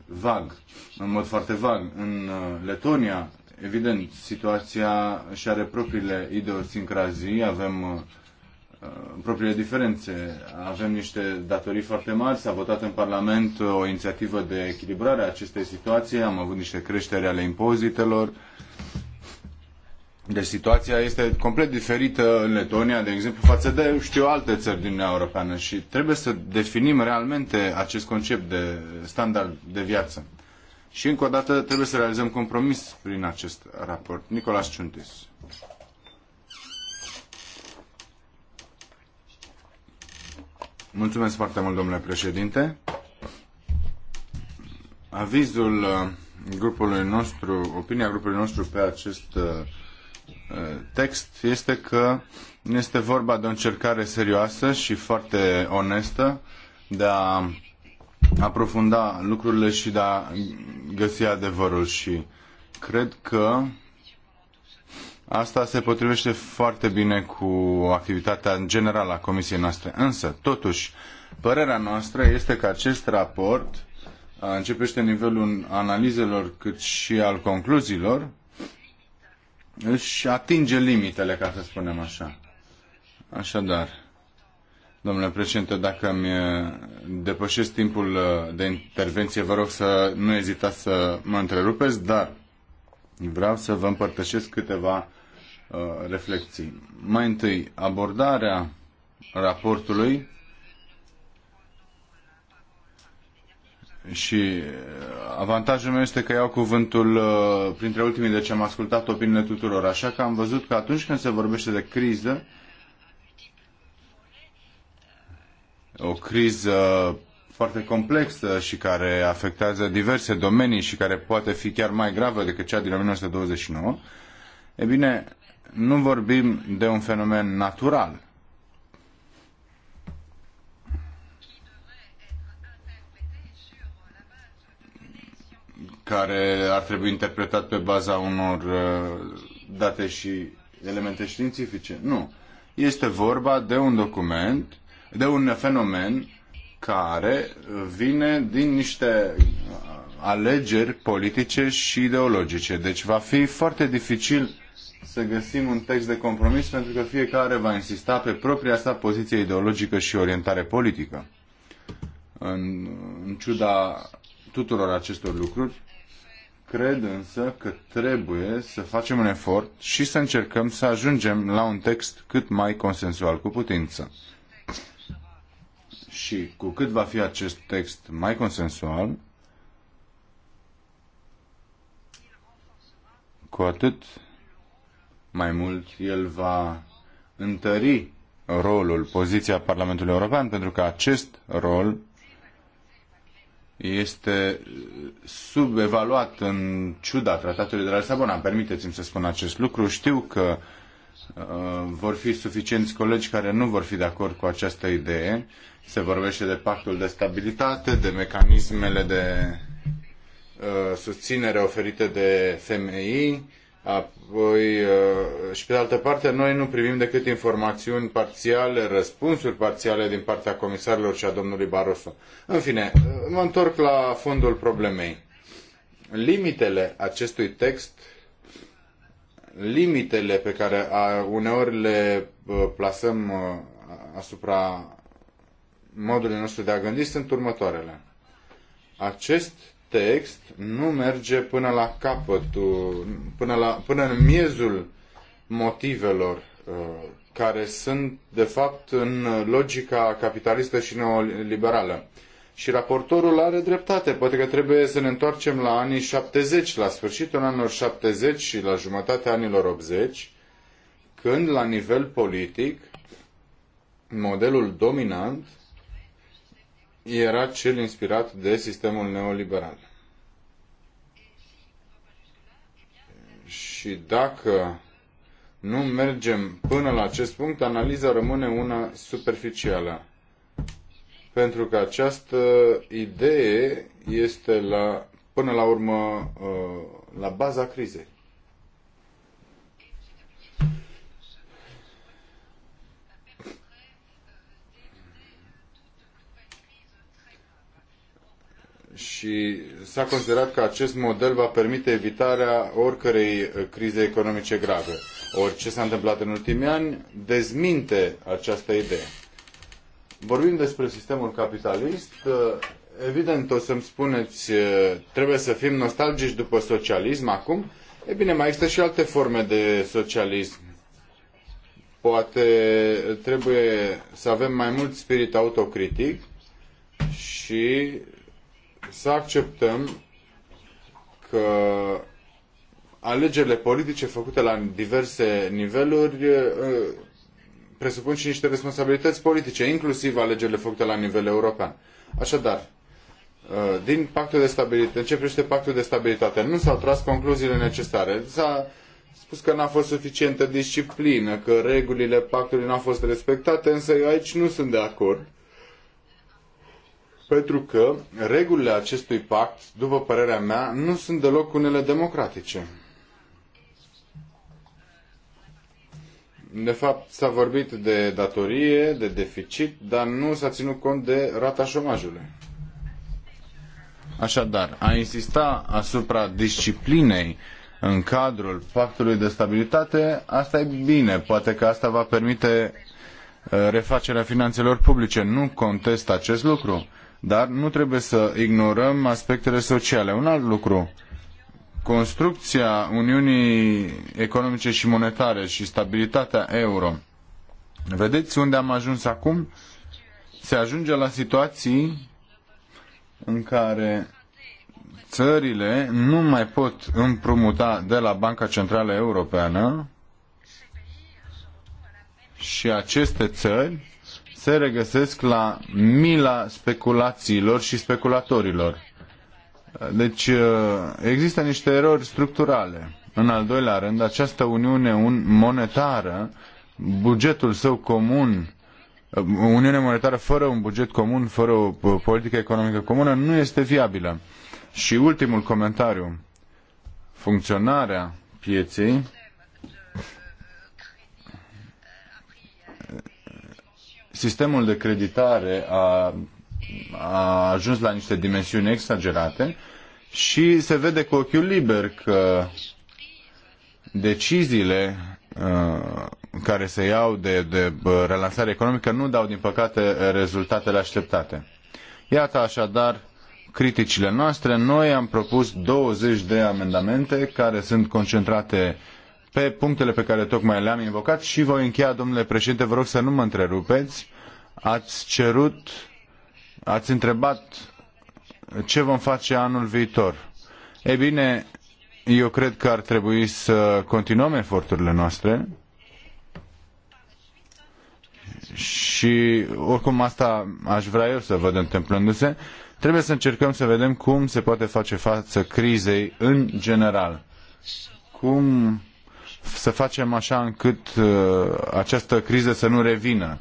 vag, în mod foarte vag. În uh, Letonia, evident, situația și are propriile idiosincrazii. Avem Uh, propriile diferențe. Avem niște datorii foarte mari, s-a votat în Parlament uh, o inițiativă de echilibrare a acestei situații, am avut niște creșteri ale impozitelor. Deci situația este complet diferită în Letonia, de exemplu, față de, știu, alte țări din Uniunea Europeană și trebuie să definim realmente acest concept de standard de viață. Și încă o dată trebuie să realizăm compromis prin acest raport. Nicolas Ciuntis. Mulțumesc foarte mult, domnule președinte. Avizul uh, grupului nostru, opinia grupului nostru pe acest uh, uh, text este că este vorba de o încercare serioasă și foarte onestă de a aprofunda lucrurile și de a găsi adevărul și cred că Asta se potrivește foarte bine cu activitatea în general a comisiei noastre. Însă, totuși, părerea noastră este că acest raport începește nivelul analizelor cât și al concluziilor, își atinge limitele, ca să spunem așa. Așadar, domnule președinte, dacă îmi depășesc timpul uh, de intervenție, vă rog să nu ezitați să mă întrerupeți, dar vreau să vă împărtășesc câteva Uh, reflexii. Mai întâi, abordarea raportului și uh, avantajul meu este că iau cuvântul uh, printre ultimii, ce am ascultat opiniile tuturor, așa că am văzut că atunci când se vorbește de criză, o criză foarte complexă și care afectează diverse domenii și care poate fi chiar mai gravă decât cea din 1929, e bine, nu vorbim de un fenomen natural. care ar trebui interpretat pe baza unor uh, date și elemente științifice. Nu. Este vorba de un document, de un fenomen care vine din niște uh, alegeri politice și ideologice. Deci va fi foarte dificil să găsim un text de compromis pentru că fiecare va insista pe propria sa poziție ideologică și orientare politică. În, în ciuda tuturor acestor lucruri, cred însă că trebuie să facem un efort și să încercăm să ajungem la un text cât mai consensual cu putință. Și cu cât va fi acest text mai consensual, cu atât mai mult, el va întări rolul, poziția Parlamentului European, pentru că acest rol este subevaluat în ciuda tratatului de la Lisabona. Permiteți-mi să spun acest lucru. Știu că uh, vor fi suficienți colegi care nu vor fi de acord cu această idee. Se vorbește de pactul de stabilitate, de mecanismele de uh, susținere oferite de FMI, Apoi, uh, și pe de altă parte, noi nu primim decât informațiuni parțiale, răspunsuri parțiale din partea comisarilor și a domnului Barroso. În fine, uh, mă întorc la fondul problemei. Limitele acestui text, limitele pe care uneori le uh, plasăm asupra modului nostru de a gândi sunt următoarele. Acest text nu merge până la capătul, până, la, până în miezul motivelor uh, care sunt, de fapt, în logica capitalistă și neoliberală. Și raportorul are dreptate. Poate că trebuie să ne întoarcem la anii 70, la sfârșitul anilor 70 și la jumătatea anilor 80, când, la nivel politic, modelul dominant era cel inspirat de sistemul neoliberal. Și dacă nu mergem până la acest punct, analiza rămâne una superficială. Pentru că această idee este la, până la urmă uh, la baza crizei. și s-a considerat că acest model va permite evitarea oricărei crize economice grave. Ori ce s-a întâmplat în ultimii ani dezminte această idee. Vorbim despre sistemul capitalist. Evident, o să-mi spuneți, trebuie să fim nostalgici după socialism acum. E bine, mai există și alte forme de socialism. Poate trebuie să avem mai mult spirit autocritic și să acceptăm că alegerile politice făcute la diverse niveluri uh, presupun și niște responsabilități politice, inclusiv alegerile făcute la nivel european. Așadar, uh, din pactul de stabilitate, în ce privește pactul de stabilitate, nu s-au tras concluziile necesare. S-a spus că n-a fost suficientă disciplină, că regulile pactului nu au fost respectate, însă eu aici nu sunt de acord pentru că regulile acestui pact, după părerea mea, nu sunt deloc unele democratice. De fapt, s-a vorbit de datorie, de deficit, dar nu s-a ținut cont de rata șomajului. Așadar, a insista asupra disciplinei în cadrul pactului de stabilitate, asta e bine. Poate că asta va permite uh, refacerea finanțelor publice. Nu contest acest lucru dar nu trebuie să ignorăm aspectele sociale. Un alt lucru, construcția Uniunii Economice și Monetare și stabilitatea euro. Vedeți unde am ajuns acum? Se ajunge la situații în care țările nu mai pot împrumuta de la Banca Centrală Europeană și aceste țări se regăsesc la mila speculațiilor și speculatorilor. Deci uh, există niște erori structurale. În al doilea rând, această Uniune monetară, bugetul său comun, uh, Uniune monetară fără un buget comun, fără o politică economică comună, nu este viabilă. Și ultimul comentariu, funcționarea pieței sistemul de creditare a, a ajuns la niște dimensiuni exagerate și se vede cu ochiul liber că deciziile uh, care se iau de, de uh, relansare economică nu dau, din păcate, rezultatele așteptate. Iată așadar criticile noastre. Noi am propus 20 de amendamente care sunt concentrate pe punctele pe care tocmai le-am invocat și voi încheia, domnule președinte, vă rog să nu mă întrerupeți. Ați cerut, ați întrebat ce vom face anul viitor. Ei bine, eu cred că ar trebui să continuăm eforturile noastre și oricum asta aș vrea eu să văd întâmplându-se. Trebuie să încercăm să vedem cum se poate face față crizei în general. Cum să facem așa încât uh, această criză să nu revină,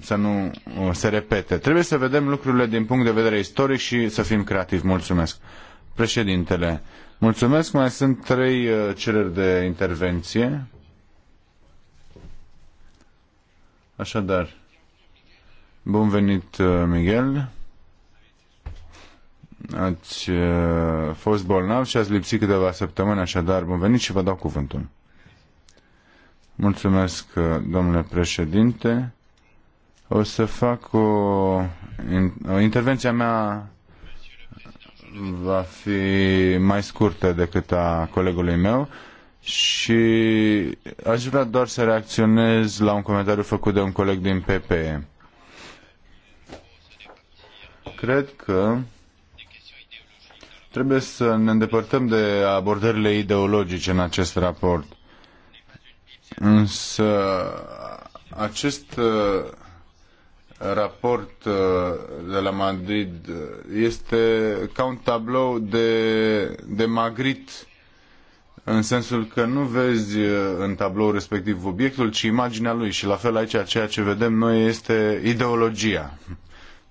să nu uh, se repete. Trebuie să vedem lucrurile din punct de vedere istoric și să fim creativi. Mulțumesc. Președintele, mulțumesc. Mai sunt trei uh, cereri de intervenție. Așadar, bun venit, Miguel. Ați fost bolnav și ați lipsit câteva săptămâni, așadar, bun venit și vă dau cuvântul. Mulțumesc, domnule președinte. O să fac o... o intervenția mea va fi mai scurtă decât a colegului meu și aș vrea doar să reacționez la un comentariu făcut de un coleg din PPE. Cred că trebuie să ne îndepărtăm de abordările ideologice în acest raport. Însă acest uh, raport uh, de la Madrid este ca un tablou de, de magrit în sensul că nu vezi uh, în tablou respectiv obiectul, ci imaginea lui. Și la fel aici ceea ce vedem noi este ideologia.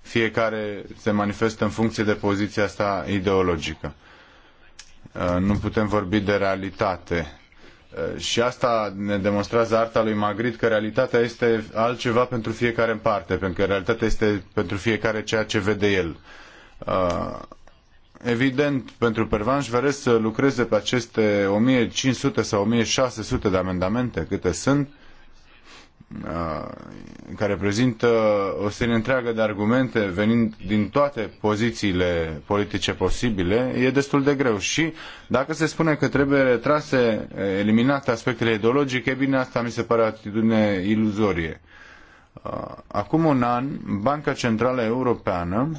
Fiecare se manifestă în funcție de poziția asta ideologică. Nu putem vorbi de realitate. Eh, și asta ne demonstrează arta lui Magritte că realitatea este altceva pentru fiecare în parte, pentru că realitatea este pentru fiecare ceea ce vede el. Eh, evident, pentru Pervan și să lucreze pe aceste 1500 sau 1600 de amendamente câte sunt, Uh, care prezintă o serie întreagă de argumente venind din toate pozițiile politice posibile, e destul de greu. Și dacă se spune că trebuie retrase, uh, eliminate aspectele ideologice, e bine, asta mi se pare o atitudine iluzorie. Uh, acum un an, Banca Centrală Europeană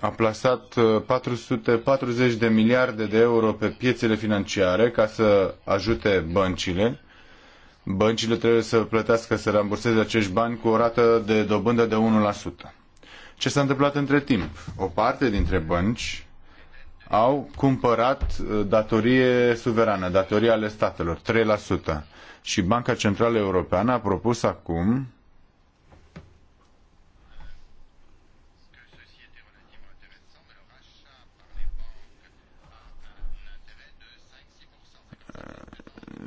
a plasat 440 uh, de miliarde de euro pe piețele financiare ca să ajute băncile. Băncile trebuie să plătească, să ramburseze acești bani cu o rată de dobândă de 1%. Ce s-a întâmplat între timp? O parte dintre bănci au cumpărat uh, datorie suverană, datorie ale statelor, 3%. Și Banca Centrală Europeană a propus acum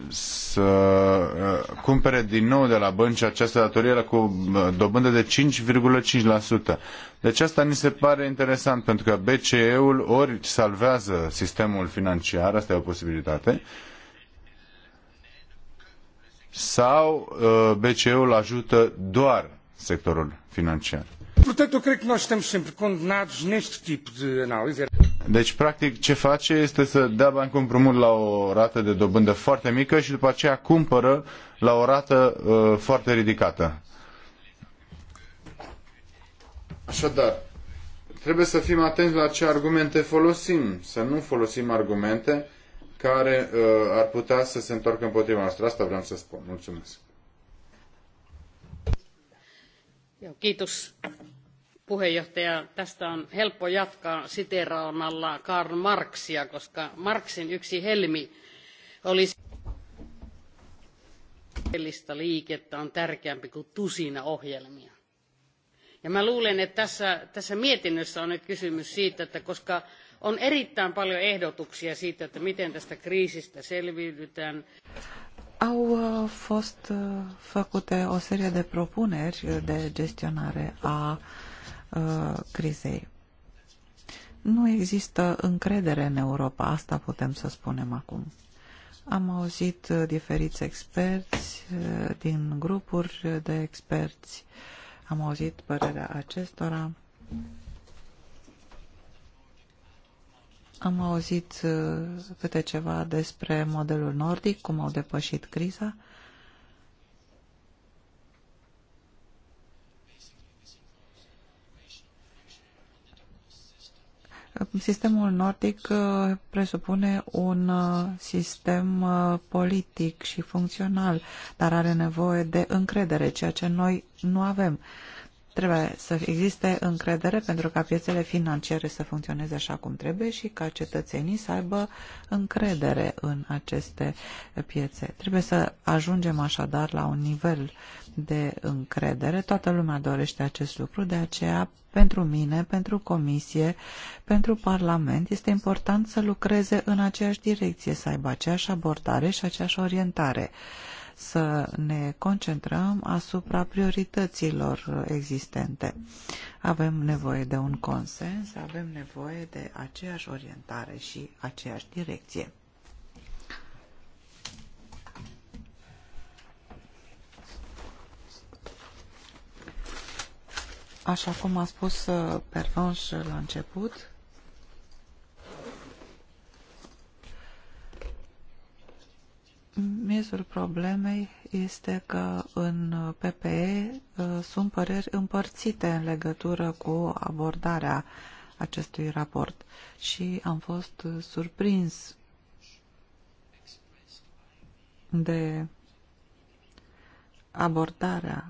să uh, cumpere din nou de la bănci această datorie cu uh, dobândă de 5,5%. Deci asta ni se pare interesant, pentru că BCE-ul ori salvează sistemul financiar, asta e o posibilitate, sau uh, BCE-ul ajută doar sectorul financiar. Portanto, eu creio que nós estamos sempre condenados neste tipo de análise. Deci, practic, ce face este să dea bani cu împrumut la o rată de dobândă foarte mică și după aceea cumpără la o rată uh, foarte ridicată. Așadar, trebuie să fim atenți la ce argumente folosim, să nu folosim argumente care uh, ar putea să se întoarcă împotriva noastră. Asta vreau să spun. Mulțumesc. Eu, puheenjohtaja, tästä on helppo jatkaa siteraamalla Karl Marxia, koska Marxin yksi helmi oli todellista liikettä on tärkeämpi kuin tusina ohjelmia. Ja mä luulen, että tässä, tässä mietinnössä on nyt kysymys siitä, että koska on erittäin paljon ehdotuksia siitä, että miten tästä kriisistä selviydytään. Au uh, fost uh, făcute o serie de propuneri de gestionare a Uh, crizei. Nu există încredere în Europa, asta putem să spunem acum. Am auzit uh, diferiți experți uh, din grupuri de experți, am auzit părerea acestora, am auzit câte ceva despre modelul nordic, cum au depășit criza, Sistemul nordic uh, presupune un uh, sistem uh, politic și funcțional, dar are nevoie de încredere, ceea ce noi nu avem. Trebuie să existe încredere pentru ca piețele financiare să funcționeze așa cum trebuie și ca cetățenii să aibă încredere în aceste piețe. Trebuie să ajungem așadar la un nivel de încredere. Toată lumea dorește acest lucru, de aceea pentru mine, pentru Comisie, pentru Parlament este important să lucreze în aceeași direcție, să aibă aceeași abordare și aceeași orientare să ne concentrăm asupra priorităților existente. Avem nevoie de un consens, avem nevoie de aceeași orientare și aceeași direcție. Așa cum a spus uh, Pervanș uh, la început, miezul problemei este că în PPE uh, sunt păreri împărțite în legătură cu abordarea acestui raport și am fost surprins de abordarea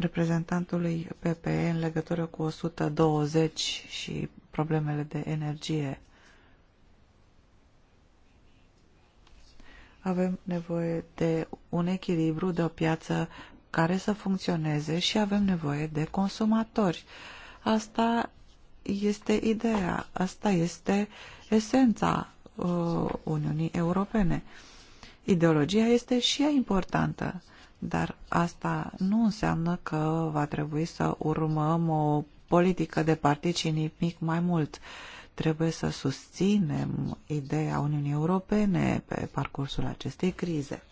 reprezentantului PPE în legătură cu 120 și problemele de energie. Avem nevoie de un echilibru, de o piață care să funcționeze și avem nevoie de consumatori. Asta este ideea, asta este esența uh, Uniunii Europene. Ideologia este și ea importantă dar asta nu înseamnă că va trebui să urmăm o politică de partid și nimic mai mult. Trebuie să susținem ideea Uniunii Europene pe parcursul acestei crize.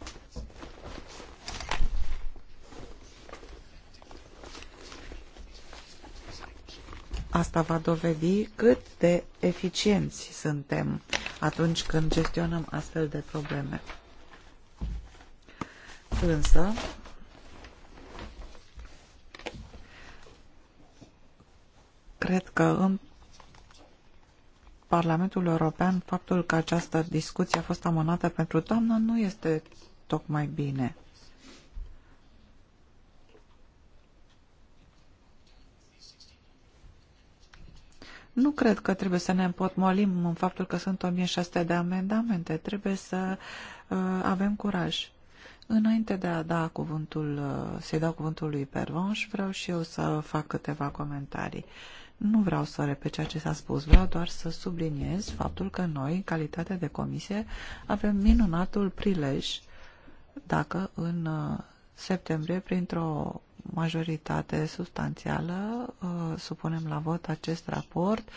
Asta va dovedi cât de eficienți suntem atunci când gestionăm astfel de probleme. Însă, cred că în Parlamentul European faptul că această discuție a fost amânată pentru toamnă nu este tocmai bine. Nu cred că trebuie să ne împotmolim în faptul că sunt 1600 de amendamente. Trebuie să uh, avem curaj. Înainte de a da cuvântul, să-i dau cuvântul lui Pervanș, vreau și eu să fac câteva comentarii. Nu vreau să repet ceea ce s-a spus, vreau doar să subliniez faptul că noi, în calitate de comisie, avem minunatul prilej dacă în uh, septembrie, printr-o majoritate substanțială, uh, supunem la vot acest raport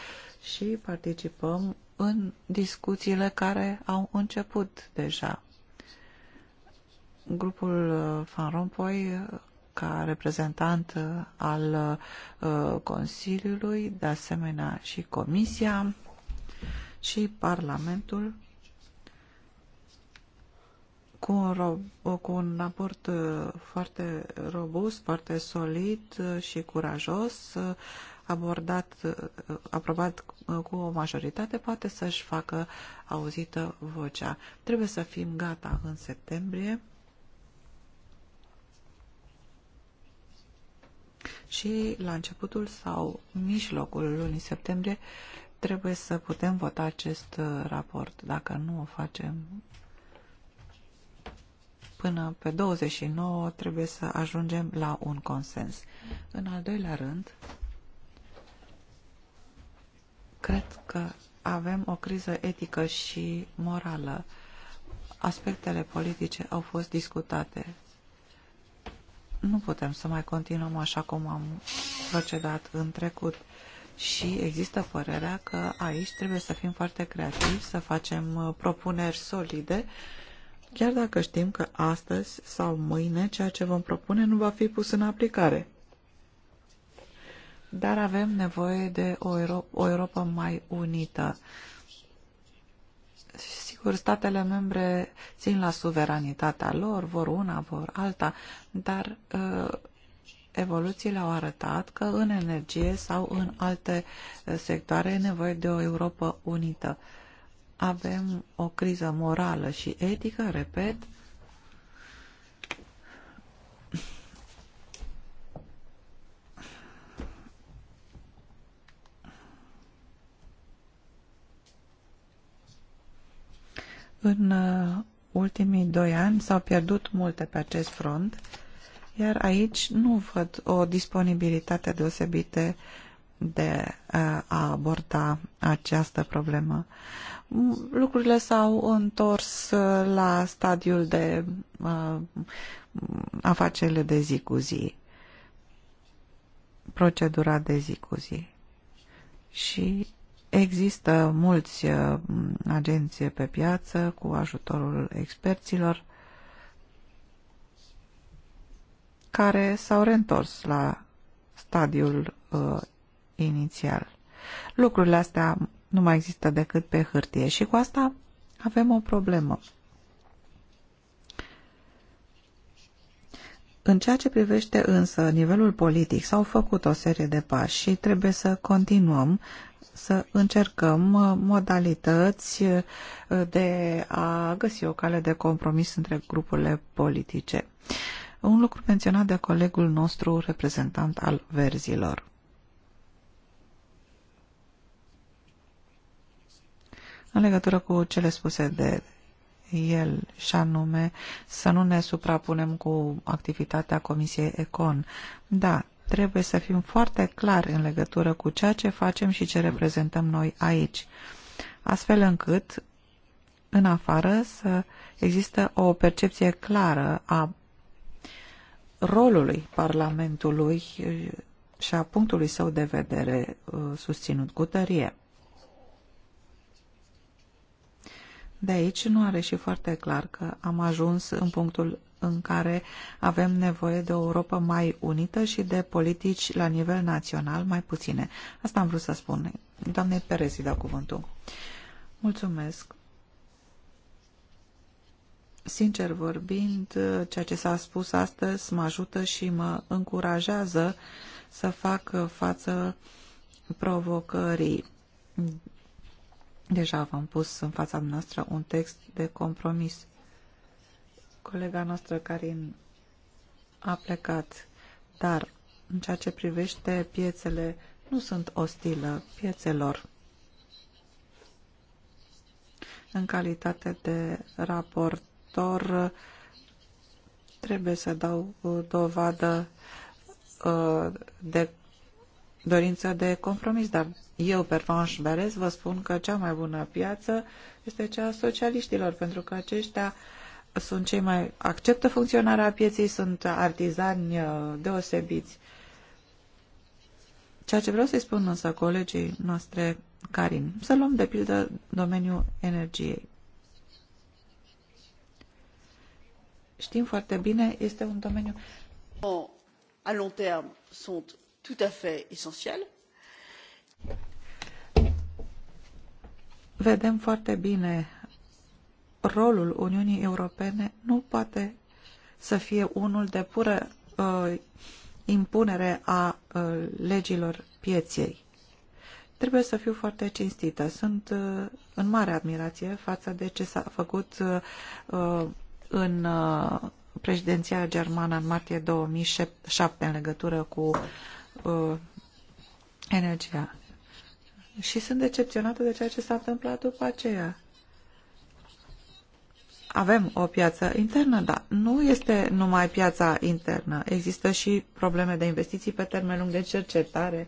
și participăm în discuțiile care au început deja Grupul uh, Van Rompuy, uh, ca reprezentant uh, al Consiliului, de asemenea și Comisia și Parlamentul, cu un, cu un raport foarte robust, foarte solid și curajos, abordat, aprobat cu o majoritate, poate să-și facă auzită vocea. Trebuie să fim gata în septembrie și la începutul sau mijlocul lunii septembrie trebuie să putem vota acest uh, raport. Dacă nu o facem până pe 29, trebuie să ajungem la un consens. În al doilea rând, cred că avem o criză etică și morală. Aspectele politice au fost discutate nu putem să mai continuăm așa cum am procedat în trecut și există părerea că aici trebuie să fim foarte creativi, să facem uh, propuneri solide, chiar dacă știm că astăzi sau mâine ceea ce vom propune nu va fi pus în aplicare. Dar avem nevoie de o, Euro o Europa mai unită Sigur, statele membre țin la suveranitatea lor, vor una, vor alta, dar uh, evoluțiile au arătat că în energie sau în alte uh, sectoare e nevoie de o Europa unită. Avem o criză morală și etică, repet, uh, În uh, ultimii doi ani s-au pierdut multe pe acest front, iar aici nu văd o disponibilitate deosebită de uh, a aborda această problemă. Mm, lucrurile s-au întors uh, la stadiul de afacerile de zi cu zi, procedura de zi cu zi. Și Există mulți uh, agenții pe piață cu ajutorul experților care s-au reîntors la stadiul uh, inițial. Lucrurile astea nu mai există decât pe hârtie și cu asta avem o problemă. În ceea ce privește însă nivelul politic, s-au făcut o serie de pași și trebuie să continuăm să încercăm uh, modalități uh, de a găsi o cale de compromis între grupurile politice. Un lucru menționat de colegul nostru reprezentant al verzilor. În legătură cu cele spuse de el și anume să nu ne suprapunem cu activitatea Comisiei Econ. Da, trebuie să fim foarte clari în legătură cu ceea ce facem și ce reprezentăm noi aici, astfel încât în afară să există o percepție clară a rolului Parlamentului și a punctului său de vedere uh, susținut cu tărie. De aici nu are și foarte clar că am ajuns în punctul în care avem nevoie de o Europa mai unită și de politici la nivel național mai puține. Asta am vrut să spun. Doamne Perez îi dau cuvântul. Mulțumesc. Sincer vorbind, ceea ce s-a spus astăzi mă ajută și mă încurajează să fac față provocării. Deja v-am pus în fața noastră un text de compromis Colega noastră, Karin, a plecat, dar în ceea ce privește piețele, nu sunt ostilă piețelor. În calitate de raportor, trebuie să dau dovadă uh, de dorință de compromis, dar eu, Pervanș Berez, vă spun că cea mai bună piață este cea a socialiștilor, pentru că aceștia uh, sunt cei mai acceptă funcționarea pieței, sunt artizani uh, deosebiți. Ceea ce vreau să-i spun însă colegii noastre, Karin, să luăm de pildă domeniul energiei. Știm foarte bine, este un domeniu... A long term sunt tout à fait esențial. Vedem foarte bine rolul Uniunii Europene nu poate să fie unul de pură uh, impunere a uh, legilor pieței. Trebuie să fiu foarte cinstită. Sunt uh, în mare admirație față de ce s-a făcut uh, uh în uh, președinția germană în martie 2007 în legătură cu uh, energia. Și sunt decepționată de ceea ce s-a întâmplat după aceea. Avem o piață internă, dar nu este numai piața internă. Există și probleme de investiții pe termen lung de cercetare.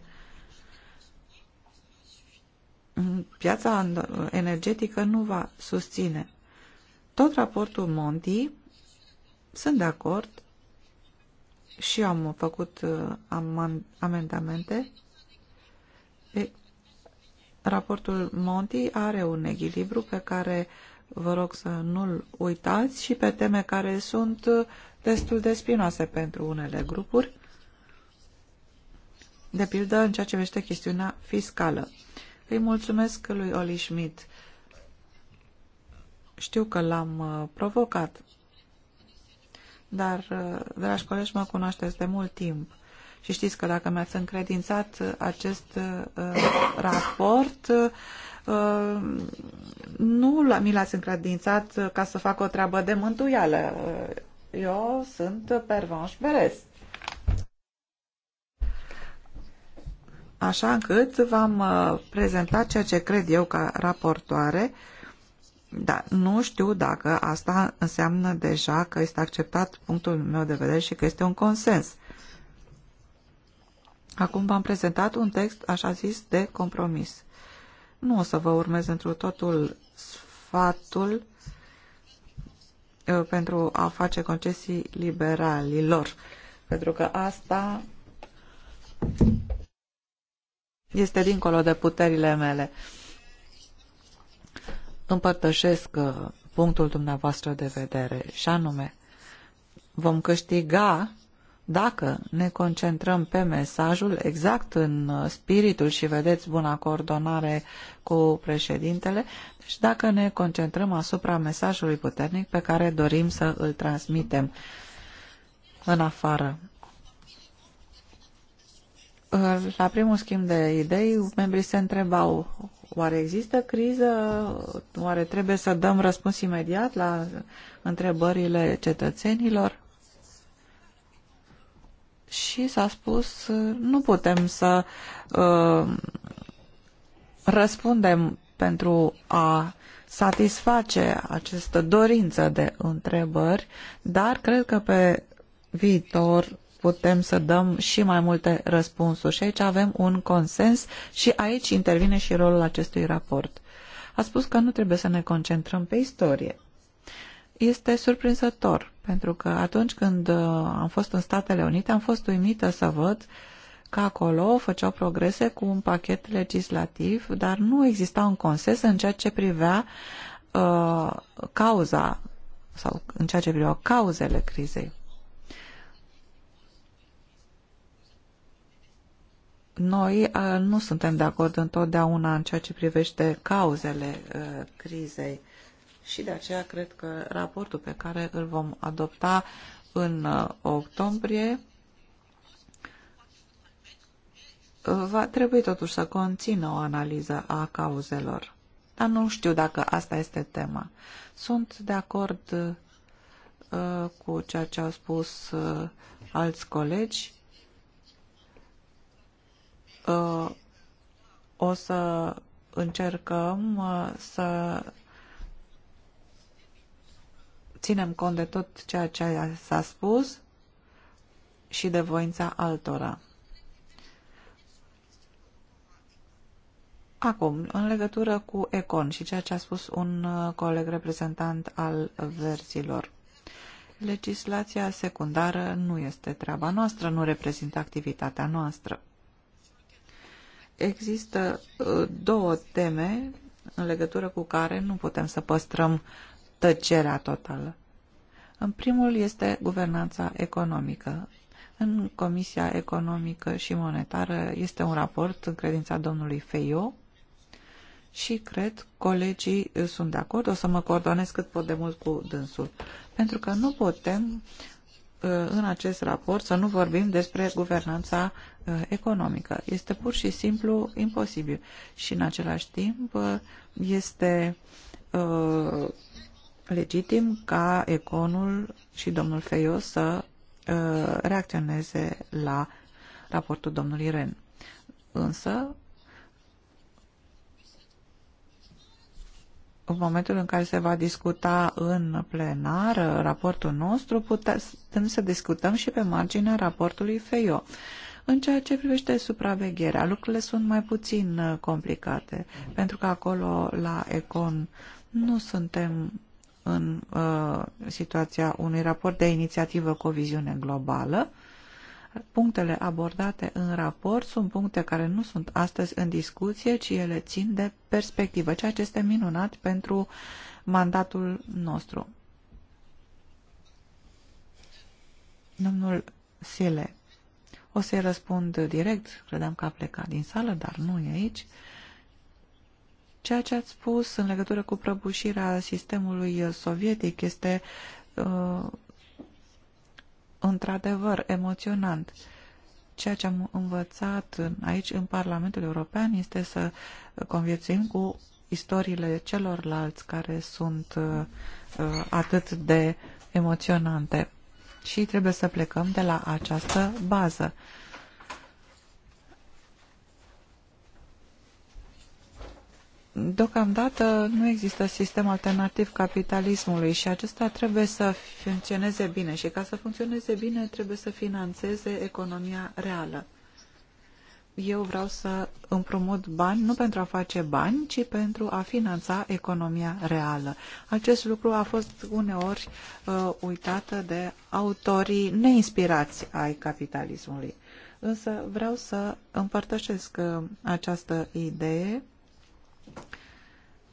Piața energetică nu va susține. Tot raportul Monti, sunt de acord și am făcut uh, am, amendamente. raportul Monti are un echilibru pe care uh, Vă rog să nu-l uitați și pe teme care sunt destul de spinoase pentru unele grupuri, de pildă în ceea ce vește chestiunea fiscală. Îi mulțumesc lui Oli Schmidt. Știu că l-am uh, provocat, dar, uh, dragi colegi, mă cunoașteți de mult timp și știți că dacă mi-ați încredințat acest uh, raport, Uh, nu mi l-ați încredințat ca să fac o treabă de mântuială. Uh, eu sunt Pervanș Beres. Așa încât v-am uh, prezentat ceea ce cred eu ca raportoare, dar nu știu dacă asta înseamnă deja că este acceptat punctul meu de vedere și că este un consens. Acum v-am prezentat un text, așa zis, de compromis. Nu o să vă urmez întru totul sfatul uh, pentru a face concesii liberalilor, pentru că asta este dincolo de puterile mele. Împărtășesc uh, punctul dumneavoastră de vedere și anume vom câștiga dacă ne concentrăm pe mesajul exact în uh, spiritul și vedeți buna coordonare cu președintele, deci dacă ne concentrăm asupra mesajului puternic pe care dorim să îl transmitem în afară. Uh, la primul schimb de idei, membrii se întrebau oare există criză, oare trebuie să dăm răspuns imediat la întrebările cetățenilor? și s-a spus uh, nu putem să uh, răspundem pentru a satisface această dorință de întrebări, dar cred că pe viitor putem să dăm și mai multe răspunsuri. Și aici avem un consens și aici intervine și rolul acestui raport. A spus că nu trebuie să ne concentrăm pe istorie este surprinzător, pentru că atunci când uh, am fost în Statele Unite, am fost uimită să văd că acolo făceau progrese cu un pachet legislativ, dar nu exista un consens în ceea ce privea uh, cauza sau în ceea ce privea cauzele crizei. Noi uh, nu suntem de acord întotdeauna în ceea ce privește cauzele uh, crizei și de aceea cred că raportul pe care îl vom adopta în uh, octombrie uh, va trebui totuși să conțină o analiză a cauzelor. Dar nu știu dacă asta este tema. Sunt de acord uh, cu ceea ce au spus alți colegi. o să încercăm să ținem cont de tot ceea ce s-a spus și de voința altora. Acum, în legătură cu Econ și ceea ce a spus un uh, coleg reprezentant al verzilor. Legislația secundară nu este treaba noastră, nu reprezintă activitatea noastră. Există uh, două teme în legătură cu care nu putem să păstrăm tăcerea totală. În primul este guvernanța economică. În Comisia Economică și Monetară este un raport în credința domnului Feio și cred colegii sunt de acord. O să mă coordonez cât pot de mult cu dânsul. Pentru că nu putem uh, în acest raport să nu vorbim despre guvernanța uh, economică. Este pur și simplu imposibil. Și în același timp uh, este legitim ca Econul și domnul Feio să uh, reacționeze la raportul domnului Ren. Însă, în momentul în care se va discuta în plenar uh, raportul nostru, putem să discutăm și pe marginea raportului FEIO. În ceea ce privește supravegherea, lucrurile sunt mai puțin uh, complicate, pentru că acolo, la Econ, nu suntem în uh, situația unui raport de inițiativă cu o viziune globală. Punctele abordate în raport sunt puncte care nu sunt astăzi în discuție, ci ele țin de perspectivă, ceea ce este minunat pentru mandatul nostru. Domnul Sile, o să-i răspund direct, credeam că a plecat din sală, dar nu e aici. Uh, Ceea ce ați spus în legătură cu prăbușirea sistemului sovietic este uh, într-adevăr emoționant. Ceea ce am învățat aici în Parlamentul European este să conviețuim cu istoriile celorlalți care sunt uh, uh atât de emoționante. Și trebuie să plecăm de la această bază. Uh, Deocamdată nu există sistem alternativ capitalismului și acesta trebuie să funcționeze bine și ca să funcționeze bine trebuie să financeze economia reală. Eu vreau să împrumut bani nu pentru a face bani, ci pentru a finanța economia reală. Acest lucru a fost uneori uh, uitat de autorii neinspirați ai capitalismului. Însă vreau să împărtășesc uh, această idee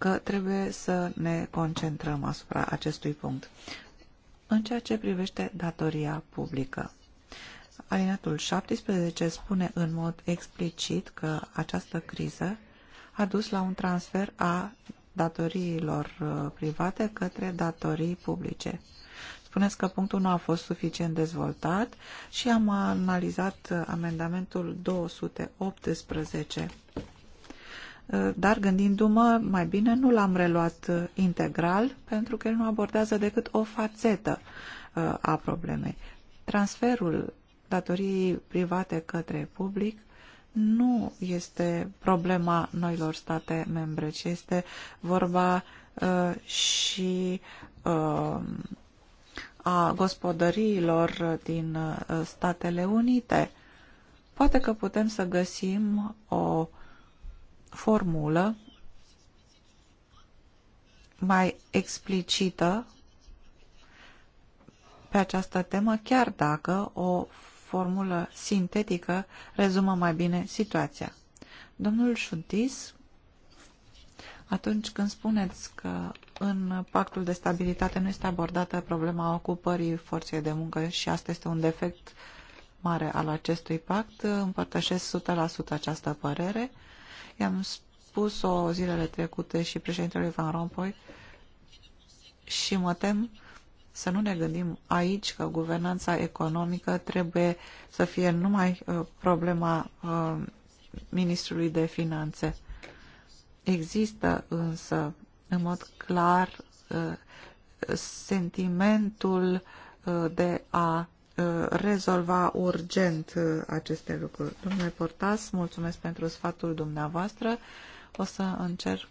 că trebuie să ne concentrăm asupra acestui punct. În ceea ce privește datoria publică, alinatul 17 spune în mod explicit că această criză a dus la un transfer a datoriilor uh, private către datorii publice. Spuneți că punctul nu a fost suficient dezvoltat și am analizat uh, amendamentul 218 dar gândindu-mă mai bine nu l-am reluat uh, integral pentru că el nu abordează decât o fațetă uh, a problemei. Transferul datoriei private către public nu este problema noilor state membre, ci este vorba uh, și uh, a gospodăriilor din uh, Statele Unite. Poate că putem să găsim o formulă mai explicită pe această temă, chiar dacă o formulă sintetică rezumă mai bine situația. Domnul Șuntis, atunci când spuneți că în pactul de stabilitate nu este abordată problema ocupării forței de muncă și asta este un defect mare al acestui pact, împărtășesc 100% această părere. I-am spus-o zilele trecute și președintelui Van Rompuy și mă tem să nu ne gândim aici că guvernanța economică trebuie să fie numai uh, problema uh, ministrului de finanțe. Există însă în mod clar uh, sentimentul de a Uh, rezolva urgent uh, aceste lucruri. Domnule Portas, mulțumesc pentru sfatul dumneavoastră. O să încerc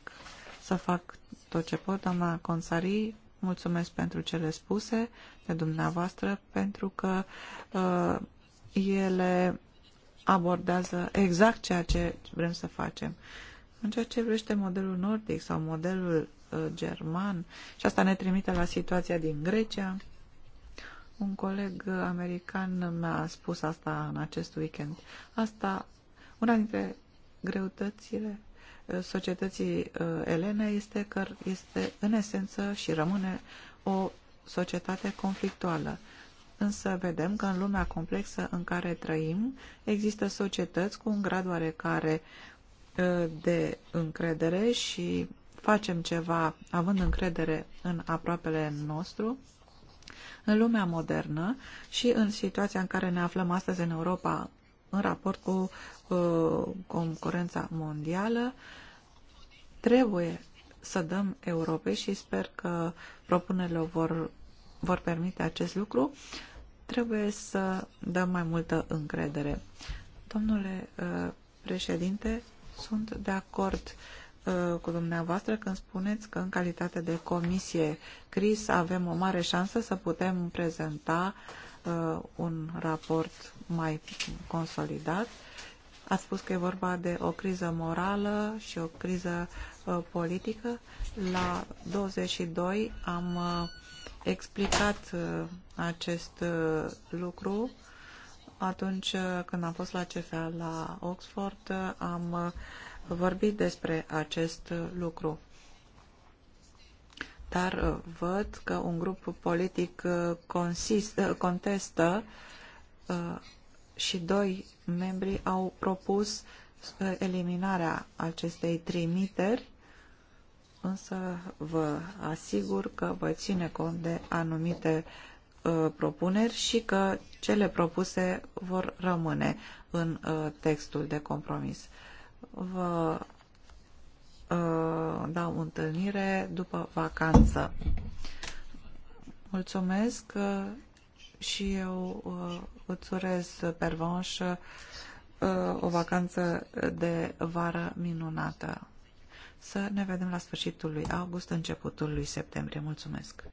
să fac tot ce pot. Doamna Consari, mulțumesc pentru cele spuse de dumneavoastră, pentru că uh, ele abordează exact ceea ce vrem să facem. În ceea ce vrește modelul nordic sau modelul uh, german, și asta ne trimite la situația din Grecia, un coleg american mi-a spus asta în acest weekend. Asta, una dintre greutățile uh, societății uh, elene este că este în esență și rămâne o societate conflictuală. Însă vedem că în lumea complexă în care trăim există societăți cu un grad oarecare uh, de încredere și facem ceva având încredere în aproapele nostru, în lumea modernă și în situația în care ne aflăm astăzi în Europa în raport cu uh, concurența mondială, trebuie să dăm Europei și sper că propunerile vor, vor permite acest lucru, trebuie să dăm mai multă încredere. Domnule uh, președinte, sunt de acord uh, Uh, cu dumneavoastră când spuneți că în calitate de comisie CRIS avem o mare șansă să putem prezenta uh, un raport mai consolidat. Ați spus că e vorba de o criză morală și o criză uh, politică. La 22 am explicat acest lucru atunci când am fost la CFA la Oxford, am vorbit despre acest lucru. Dar uh, văd că un grup politic uh, consist, uh, contestă și doi membri au propus eliminarea acestei trimiteri, însă vă asigur că voi ține cont de anumite propuneri și că cele propuse vor rămâne în textul de compromis vă uh, dau întâlnire după vacanță. Mulțumesc uh, și eu uh, îți urez, Pervanș, uh, o vacanță de vară minunată. Să ne vedem la sfârșitul lui august, începutul lui septembrie. Mulțumesc!